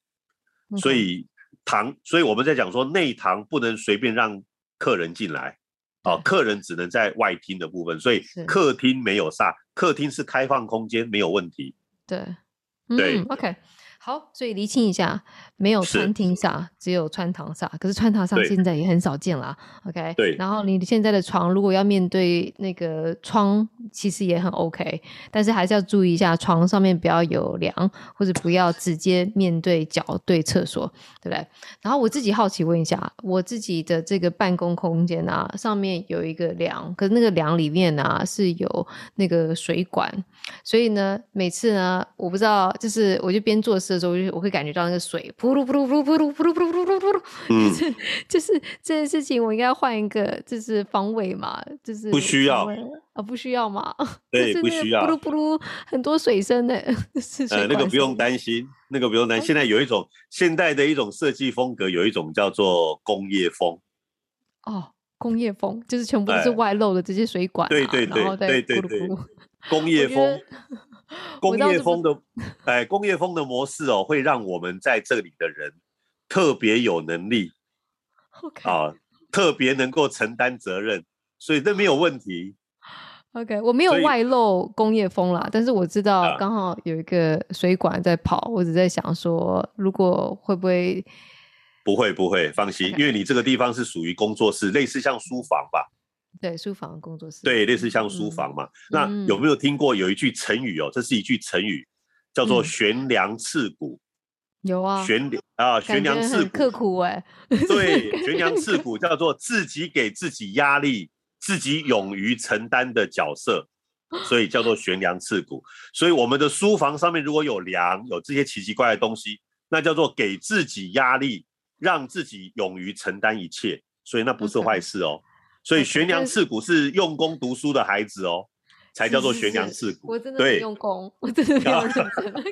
嗯。所以堂，所以我們在講說內堂不能隨便讓客人進來啊，客人只能在外廳的部分。所以客廳沒有煞，客廳是開放空間，沒有問題。對，對、嗯，OK。好，所以釐清一下，沒有穿廳煞，只有穿堂煞。可是穿堂煞現在也很少見啦，OK？對。然後你現在的床如果要面對那個窗。其實也很 OK，但是還是要注意一下床上面不要有樑，或者不要直接面對腳對廁所，對不對？然後我自己好奇問一下，我自己的這個辦公空間啊，上面有一個樑，可是那個樑裡面啊是有那個水管，所以呢，每次呢，我不知道，就是我就邊做事的時候，我就我會感覺到那個水噗嚕噗嚕噗嚕噗嚕噗嚕噗嚕噗嚕，嗯，嗯， 就是，就是這件事情，我應該要換一個，就是方位嘛，就是不需要，啊、不需要嗎？對噗嚕噗嚕，不需要。咕嚕咕嚕，很多水聲呢、欸。呃，那個不用擔心，那個不用擔心、欸。現在有一種現代的一種設計風格，有一種叫做工業風。哦，工業風就是全部都是外露的這些水管、啊欸，對對對，噗嚕噗嚕對對對對對，工業風，工業風的，哎、欸，工業風的模式哦，會讓我們在這裡的人特別有能力，Okay. 啊，特別能夠承擔責任，所以這沒有問題。啊 OK，我沒有外露工業風啦，但是我知道剛好有一個水管在跑，啊、我只在想說，如果會不會？不會不會，放心，okay. 因為你這個地方是屬於工作室，類似像書房吧？對，書房工作室。對，類似像書房嘛。嗯、那有沒有聽過有一句成語哦、喔嗯？這是一句成語，叫做懸梁刺股。有啊。懸梁啊，懸梁刺刻苦哎、欸。對，懸 梁刺股叫做自己給自己壓力。自己勇於承擔的角色，所以叫做懸梁刺股。所以我們的書房上面如果有樑，有這些奇奇怪怪的東西，那叫做給自己壓力，讓自己勇於承擔一切。所以那不是壞事哦。所以懸梁刺股是用功讀書的孩子哦，才叫做懸梁刺股，我真的很用功，我真的比較認真，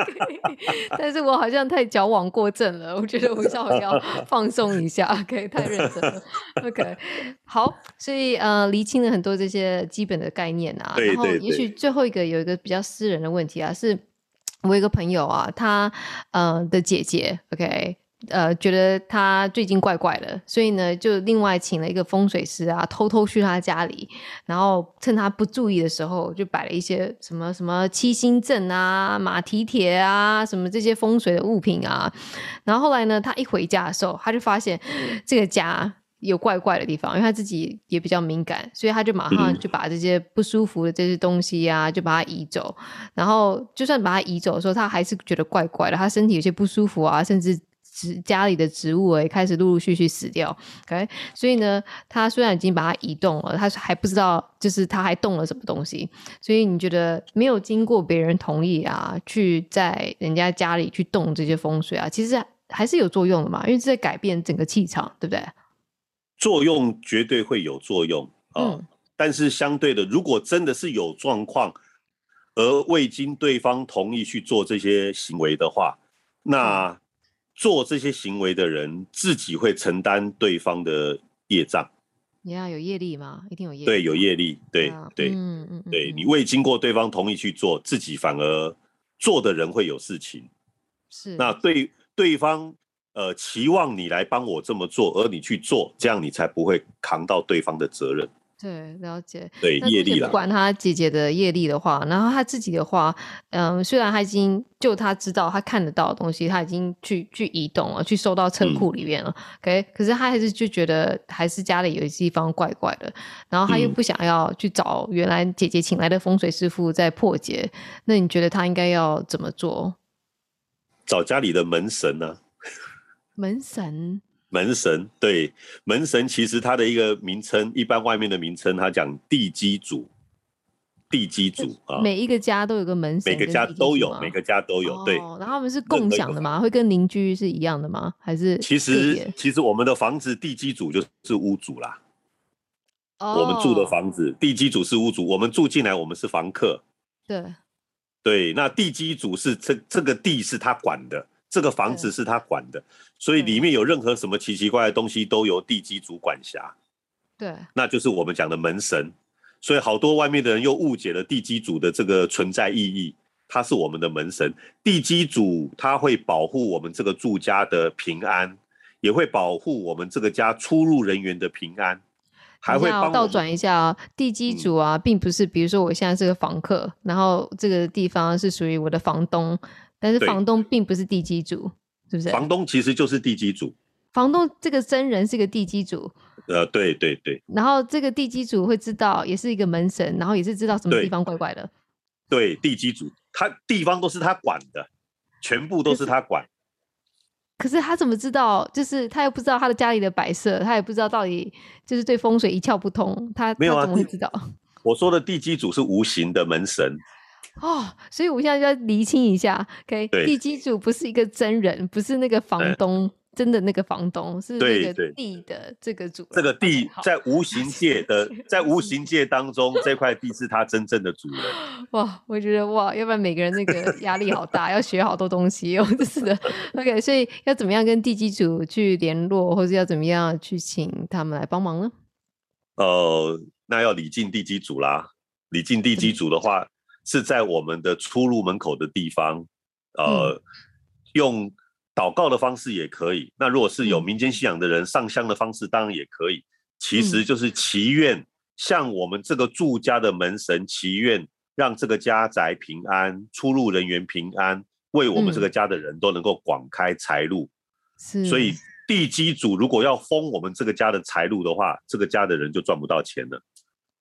但是我好像太矯枉過正了，我覺得我稍微要放鬆一下， okay, 太認真了，OK，好，所以呃，釐清了很多這些基本的概念啊，對對對，然後也許最後一個有一個比較私人的問題啊，是我有一個朋友啊，他呃的姐姐，OK。呃，覺得他最近怪怪的，所以呢，就另外請了一個風水師啊，偷偷去他家裡，然後趁他不注意的時候，就擺了一些什麼什麼七星陣啊、馬蹄鐵啊，什麼這些風水的物品啊。然後後來呢，他一回家的時候，他就發現這個家有怪怪的地方，因為他自己也比較敏感，所以他就馬上就把這些不舒服的這些東西啊，就把它移走。然後就算把它移走的時候，他還是覺得怪怪的，他身體有些不舒服啊，甚至。植家裡的植物也開始陸陸續續死掉。OK，所以呢，他雖然已經把它移動了，他還不知道，就是他還動了什麼東西。所以你覺得沒有經過別人同意啊，去在人家家裡去動這些風水啊，其實還是有作用的嘛，因為這在改變整個氣場，對不對？作用絕對會有作用，呃，嗯，但是相對的，如果真的是有狀況而未經對方同意去做這些行為的話，那，嗯做這些行為的人，自己會承擔對方的業障。你、yeah, 要有業力嘛，一定有業力。對，有業力，對、yeah. 對，嗯、mm、嗯 -hmm，對你未經過對方同意去做，自己反而做的人會有事情。是，那對對方呃期望你來幫我這麼做，而你去做，這樣你才不會扛到對方的責任。對，了解。對，業力了。不管他姐姐的業力的話力，然後他自己的話，嗯，雖然他已經就他知道他看得到的東西，他已經去去移動了，去收到車庫裡面了、嗯。OK，可是他還是就覺得還是家裡有一些地方怪怪的，然後他又不想要去找原來姐姐請來的風水師傅在破解。嗯、那你覺得他應該要怎麼做？找家裡的門神呢、啊？ 門神。門神對門神，對門神其實他的一個名稱，一般外面的名稱，他講地基主，地基主啊，每一個家都有個門每個家都有，每個家都有、哦，對，然後他們是共享的嗎？會跟鄰居是一樣的嗎？還是？其實其實我們的房子地基主就是屋主啦、哦，我們住的房子地基主是屋主，我們住進來，我們是房客，對對，那地基主是這這個地是他管的。這個房子是他管的，所以裡面有任何什麼奇奇怪怪的東西都由地基主管轄。對，那就是我們講的門神。所以好多外面的人又誤解了地基主的這個存在意義，它是我們的門神。地基主它會保護我們這個住家的平安，也會保護我們這個家出入人員的平安，哦、還會幫倒轉一下啊、哦，地基主啊，並不是比如說我現在是個房客、嗯，然後這個地方是屬於我的房東。但是房東並不是地基主，是不是？房東其實就是地基主。房東這個真人是個地基主，呃，對對對。然後這個地基主會知道，也是一個門神，然後也是知道什麼地方怪怪的。對，對地基主，他地方都是他管的，全部都是他管。就是，可是他怎麼知道？就是他又不知道他的家裡的擺設，他也不知道到底就是對風水一竅不通。他沒有啊？他怎麼會知道？我說的地基主是無形的門神。哦，所以我現在就要釐清一下，OK，地基主不是一個真人，不是那個房東，嗯、真的那個房東是，是那個地的這個主人，這個地在無形界的， 在無形界當中， 這塊地是他真正的主人。哇，我覺得哇，要不然每個人那個壓力好大， 要學好多東西哦，就是的 OK，所以要怎麼樣跟地基主去聯絡，或者要怎麼樣去請他們來幫忙呢？哦、呃，那要禮敬地基主啦，禮敬地基主的話。是在我們的出入門口的地方，呃，嗯、用禱告的方式也可以。那如果是有民間信仰的人，上香的方式、嗯、當然也可以。其實就是祈願，向我們這個住家的門神，祈願讓這個家宅平安，出入人員平安，為我們這個家的人都能夠廣開財路、嗯。所以地基主如果要封我們這個家的財路的話，這個家的人就賺不到錢了。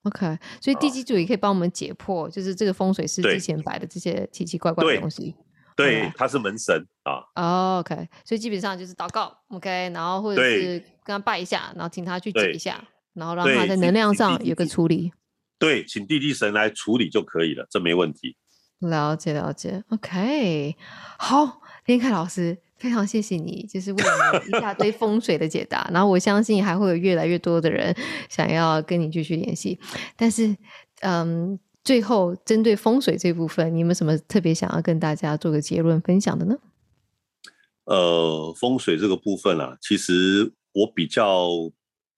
OK，所以地基主也可以幫我們解破、哦，就是這個風水師之前擺的這些奇奇怪怪怪的東西。對，對 Alright. 他是門神啊。Oh, OK，所以基本上就是禱告，OK，然後或者是跟他拜一下，然後請他去解一下，然後讓他在能量上有個處理對。對，請地基神來處理就可以了，這沒問題。了解了解，OK，好，連凱老師。非常謝謝你，就是為了一大堆風水的解答。 然後我相信還會有越來越多的人想要跟你繼續聯繫。但是，嗯，最後針對風水這部分，你有沒有什麼特別想要跟大家做個結論分享的呢？呃，風水這個部分啊，其實我比較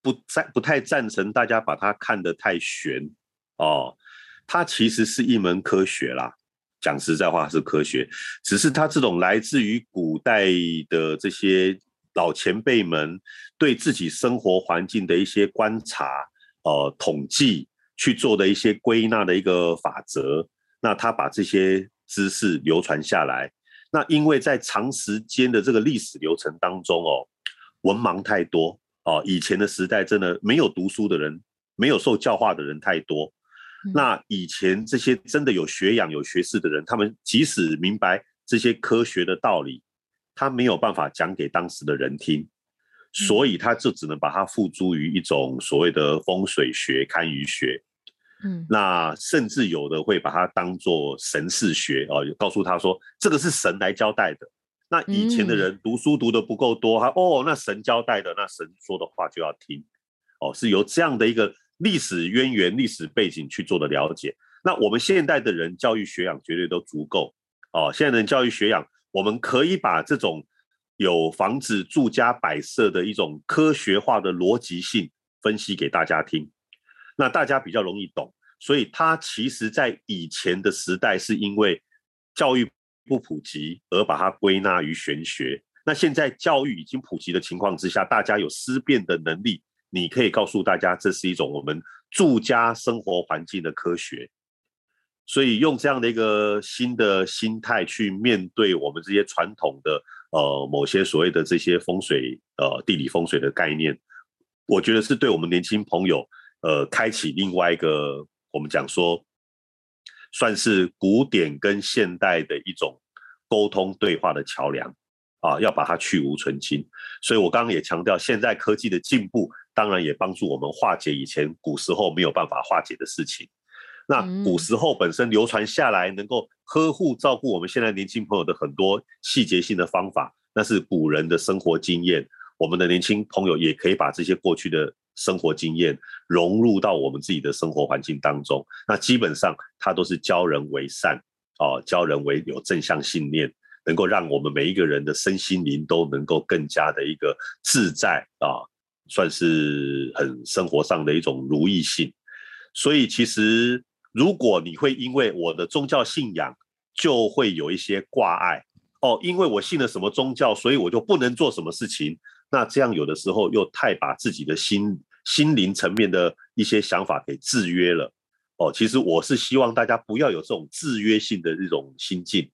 不贊，不太贊成大家把它看得太玄哦。它其實是一門科學啦。講實在話是科學，只是他這種來自於古代的這些老前輩們對自己生活環境的一些觀察、呃統計去做的一些歸納的一個法則，那他把這些知識流傳下來。那因為在長時間的這個歷史流程當中哦，文盲太多哦、呃，以前的時代真的沒有讀書的人，沒有受教化的人太多。那以前這些真的有學養、有學識的人，他們即使明白這些科學的道理，他沒有辦法講給當時的人聽，所以他就只能把它付諸於一種所謂的風水學、堪輿學。嗯，那甚至有的會把它當做神事學哦，告訴他說這個是神來交代的。那以前的人讀書讀的不夠多他哦，那神交代的，那神說的話就要聽。哦，是有這樣的一個。歷史淵源、歷史背景，去做的了解，那我們現代的人教育學養絕對都足夠哦。現代人教育學養，我們可以把這種有房子住家擺設的一種科學化的邏輯性分析給大家聽，那大家比較容易懂。所以它其實在以前的時代，是因為教育不普及而把它歸納於玄學。那現在教育已經普及的情況之下，大家有思辨的能力。你可以告訴大家，這是一種我們住家生活環境的科學，所以用這樣的一個新的心態去面對我們這些傳統的呃某些所謂的這些風水呃地理風水的概念，我覺得是對我們年輕朋友呃開啟另外一個我們講說，算是古典跟現代的一種溝通對話的橋樑。啊，要把它去蕪存菁，所以我剛剛也強調，現在科技的進步，當然也幫助我們化解以前古時候沒有辦法化解的事情。那、嗯、古時候本身流傳下來，能夠呵護照顧我們現在年輕朋友的很多細節性的方法，那是古人的生活經驗。我們的年輕朋友也可以把這些過去的生活經驗融入到我們自己的生活環境當中。那基本上，它都是教人為善，哦、啊，教人為有正向信念。能夠讓我們每一個人的身心靈都能夠更加的一個自在啊，算是很生活上的一種如意性。所以，其實如果你會因為我的宗教信仰就會有一些掛礙哦，因為我信了什麼宗教，所以我就不能做什麼事情。那這樣有的時候又太把自己的心心靈層面的一些想法給制約了哦。其實我是希望大家不要有這種制約性的這種心境。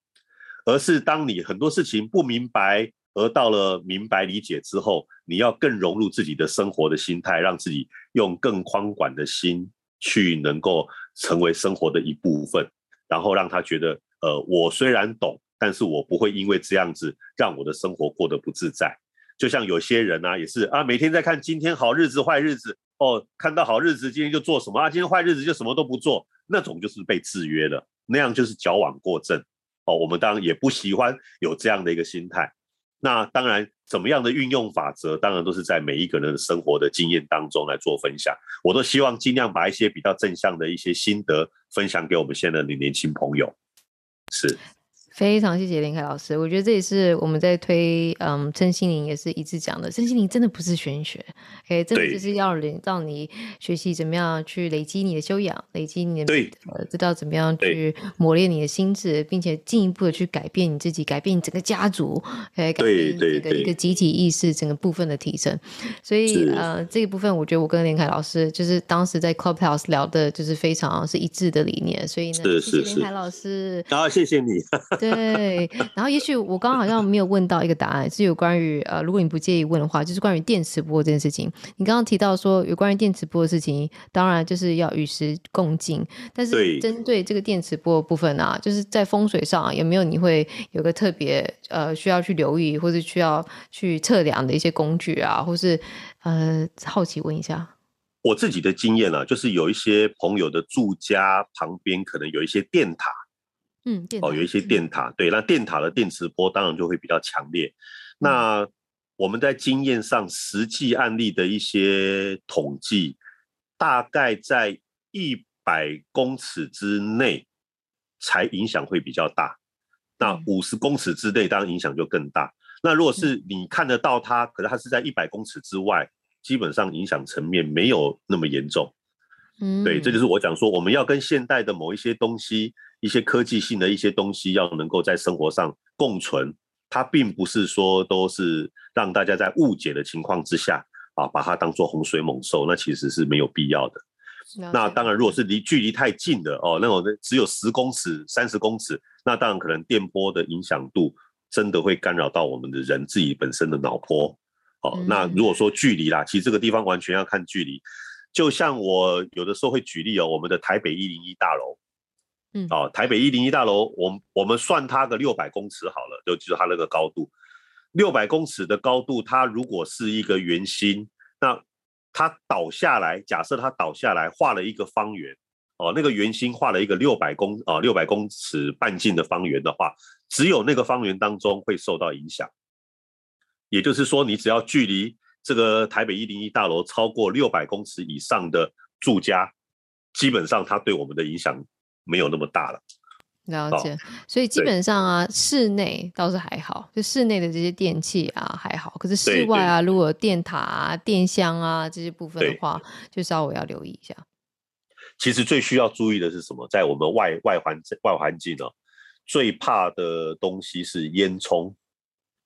而是當你很多事情不明白，而到了明白理解之後，你要更融入自己的生活的心態，讓自己用更寬廣的心去能夠成為生活的一部分，然後讓他覺得，呃，我雖然懂，但是我不會因為這樣子讓我的生活過得不自在。就像有些人呢，啊，也是啊，每天在看今天好日子、壞日子，哦，看到好日子今天就做什麼啊，今天壞日子就什麼都不做，那種就是被制約了，那樣就是矯枉過正。哦，我們當然也不喜歡有這樣的一個心態。那當然，怎麼樣的運用法則，當然都是在每一個人生活的經驗當中來做分享。我都希望盡量把一些比較正向的一些心得分享給我們現在的年輕朋友。是。非常謝謝連凱老師，我覺得這也是我們在推，嗯，身心靈也是一致講的，身心靈真的不是玄學，可真的就是要引導你學習怎麼樣去累積你的修養，累積你的、呃，知道怎麼樣去磨練你的心智，並且進一步的去改變你自己，改變你整個家族，可、okay? 改變一個一個集體意識整個部分的提升。對對對所以，呃，這一、個、部分我覺得我跟連凱老師就是當時在 Clubhouse 聊的，就是非常是一致的理念。所以呢，是是,是謝謝連凱老師，然、啊、後謝謝你。 對，然後也許我剛剛好像沒有問到一個答案，是有關於呃，如果你不介意問的話，就是關於電磁波這件事情。你剛剛提到說有關於電磁波的事情，當然就是要與時共進。但是針對這個電磁波的部分啊，就是在風水上有沒有你會有個特別呃需要去留意或是需要去測量的一些工具啊，或是呃好奇問一下。我自己的經驗呢、啊，就是有一些朋友的住家旁邊可能有一些電塔。嗯，哦，有一些電塔、嗯，對，那電塔的電磁波當然就會比較強烈、嗯。那我們在經驗上實際案例的一些統計，大概在一百公尺之內才影響會比較大。那五十公尺之內，當然影響就更大。那如果是你看得到它，嗯、可是它是在一百公尺之外，基本上影響層面沒有那麼嚴重。嗯，對，這就是我講說我們要跟現代的某一些東西。一些科技性的一些東西要能夠在生活上共存，它並不是說都是讓大家在誤解的情況之下啊，把它當做洪水猛獸，那其實是沒有必要的。那當然，如果是離距離太近的哦，那種只有十公尺、三十公尺，那當然可能電波的影響度真的會干擾到我們的人自己本身的腦波。哦、嗯，那如果說距離啦，其實這個地方完全要看距離。就像我有的時候會舉例哦，我們的台北一零一大樓。哦，台北一零一大樓，我我們算它個六百公尺好了，就就是它那個高度，六百公尺的高度，它如果是一個圓心，那它倒下來，假設它倒下來畫了一個方圓，哦，那個圓心畫了一個六百公哦六百公尺半徑的方圓的話，只有那個方圓當中會受到影響，也就是說，你只要距離這個台北一零一大樓超過六百公尺以上的住家，基本上它對我們的影響，沒有那麼大了，了解。哦、所以基本上啊，室內倒是還好，就室內的這些電器啊還好。可是室外啊，對對，如果電塔、啊、電箱啊這些部分的話，就稍微要留意一下。其實最需要注意的是什麼？在我們外外環外環境呢、啊，最怕的東西是煙囪。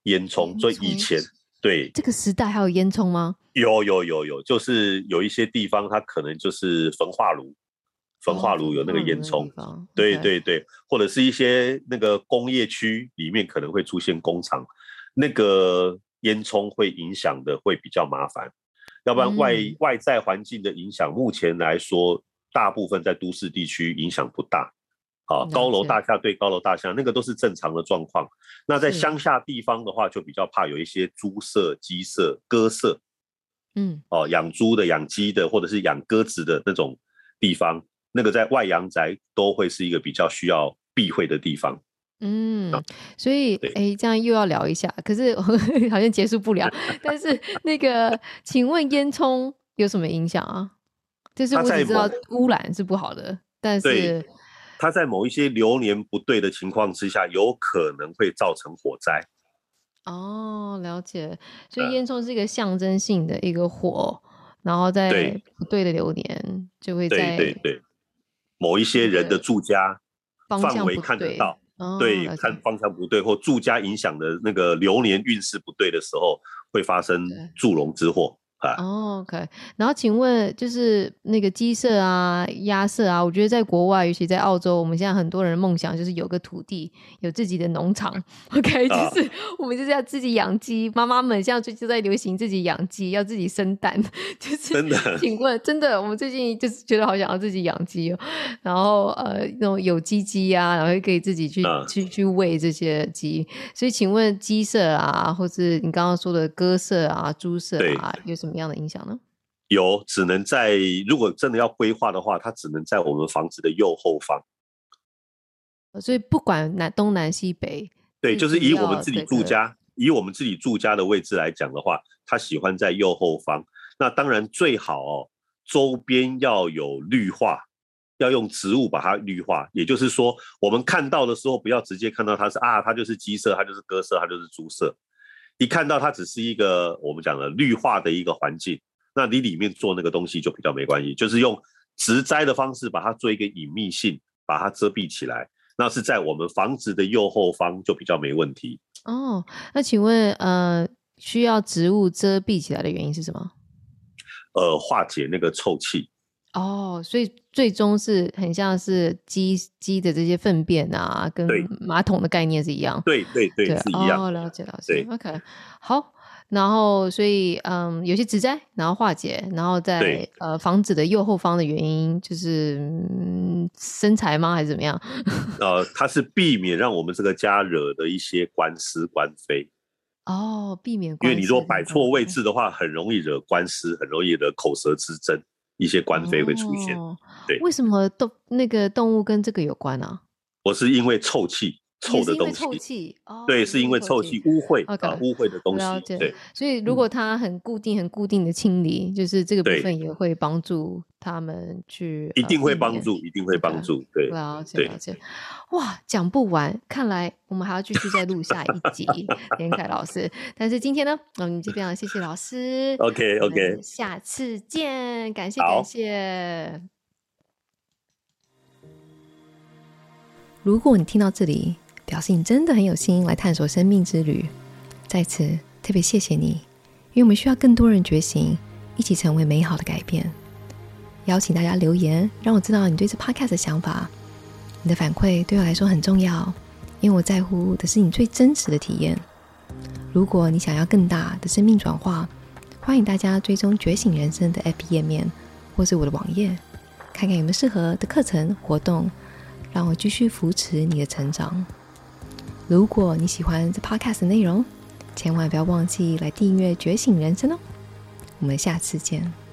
煙囪。所以以前對這個時代還有煙囪嗎？有有有有，就是有一些地方它可能就是焚化爐。焚化爐有那個煙囪，okay, okay. 對對對，或者是一些那個工業區裡面可能會出現工廠，那個煙囪會影響的會比較麻煩。要不然外、嗯、外在環境的影響，目前來說大部分在都市地區影響不大。嗯、啊，高樓大廈對高樓大廈那個都是正常的狀況。那在鄉下地方的話，就比較怕有一些豬舍、雞舍、鴿舍，嗯，哦、啊，養豬的、養雞的或者是養鴿子的那種地方。那個在外洋宅，都會是一個比較需要避諱的地方。嗯，所以哎，這樣又要聊一下，可是呵呵好像結束不了。 但是那個，請問煙囪有什麼影響啊？就是我知道污染是不好的，但是它在某一些流年不對的情況之下，有可能會造成火災。哦，了解。所以煙囪是一個象徵性的一個火，呃、然後在不對的流年就會在對對。對對某一些人的住家範圍看得到，哦、對，okay. 看方向不對或住家影響的那個流年運勢不對的時候，會發生祝融之禍。哦、oh，OK。然後請問，就是那個雞舍啊、鴨舍啊，我覺得在國外，尤其在澳洲，我們現在很多人的夢想就是有個土地，有自己的農場，OK，oh. 就是我們就是要自己養雞。媽媽們現在最近在流行自己養雞，要自己生蛋，就是。真的。請問，真的，我們最近就是覺得好想要自己養雞哦。然後呃，那種有雞雞啊，然後可以自己去、uh. 去去餵這些雞。所以請問，雞舍啊，或是你剛剛說的鴿舍啊、豬舍啊，有什麼？什麼樣的影響呢？有，只能在，如果真的要規劃的話，它只能在我們房子的右後方。哦，所以不管南東南西北，對，就是以我們自己住家、這個，以我們自己住家的位置來講的話，它喜歡在右後方。那當然最好哦，周邊要有綠化，要用植物把它綠化。也就是說，我們看到的時候，不要直接看到它是啊，它就是雞舍，它就是鴿舍，它就是豬舍。一看到它只是一個我們講的綠化的一個環境，那你裡面做那個東西就比較沒關係，就是用植栽的方式把它做一個隱密性，把它遮蔽起來。那是在我們房子的右後方就比較沒問題。哦，那請問呃，需要植物遮蔽起來的原因是什麼？呃，化解那個臭氣。哦，所以最終是很像是雞雞的這些糞便啊，跟馬桶的概念是一樣。對對對,對,對，是一樣。哦、了解了解。OK，好。然後所以嗯，有些植栽，然後化解，然後在呃房子的右後方的原因就是、嗯、生財嗎，還是怎麼樣？ 呃，它是避免讓我們這個家惹的一些官司官非。哦，避免官司。因為你如果擺錯位置的話、嗯，很容易惹官司，很容易惹口舌之爭。一些官非會出現。哦，對。為什麼動那個動物跟這個有關呢、啊？我是因為臭氣。臭的東西，因為臭氣。哦，對，是因為臭氣、哦、污穢、OK, 啊，污穢的東西。對，所以如果它很固定、嗯、很固定的清理，就是這個部分也會幫助他們去。一定會幫助，一定會幫助 OK, 對對。對，了解了解。哇，講不完， 看來我們還要繼續再錄下一集，連 凱老師。但是今天呢，嗯，這邊要謝謝老師。OK OK，下次見，感謝 OK, OK 感謝。如果你聽到這裡。表示你真的很有心來探索生命之旅，在此特別謝謝你，因為我們需要更多人覺醒，一起成為美好的改變。邀請大家留言，讓我知道你對這 podcast 的想法。你的反饋對我來說很重要，因為我在乎的是你最真實的體驗。如果你想要更大的生命轉化，歡迎大家追蹤覺醒人生的 app 頁面，或是我的網頁，看看有沒有適合的課程活動，讓我繼續扶持你的成長。如果你喜歡這 podcast 的內容，千萬不要忘記來訂閱《覺醒人生》哦。我們下次見。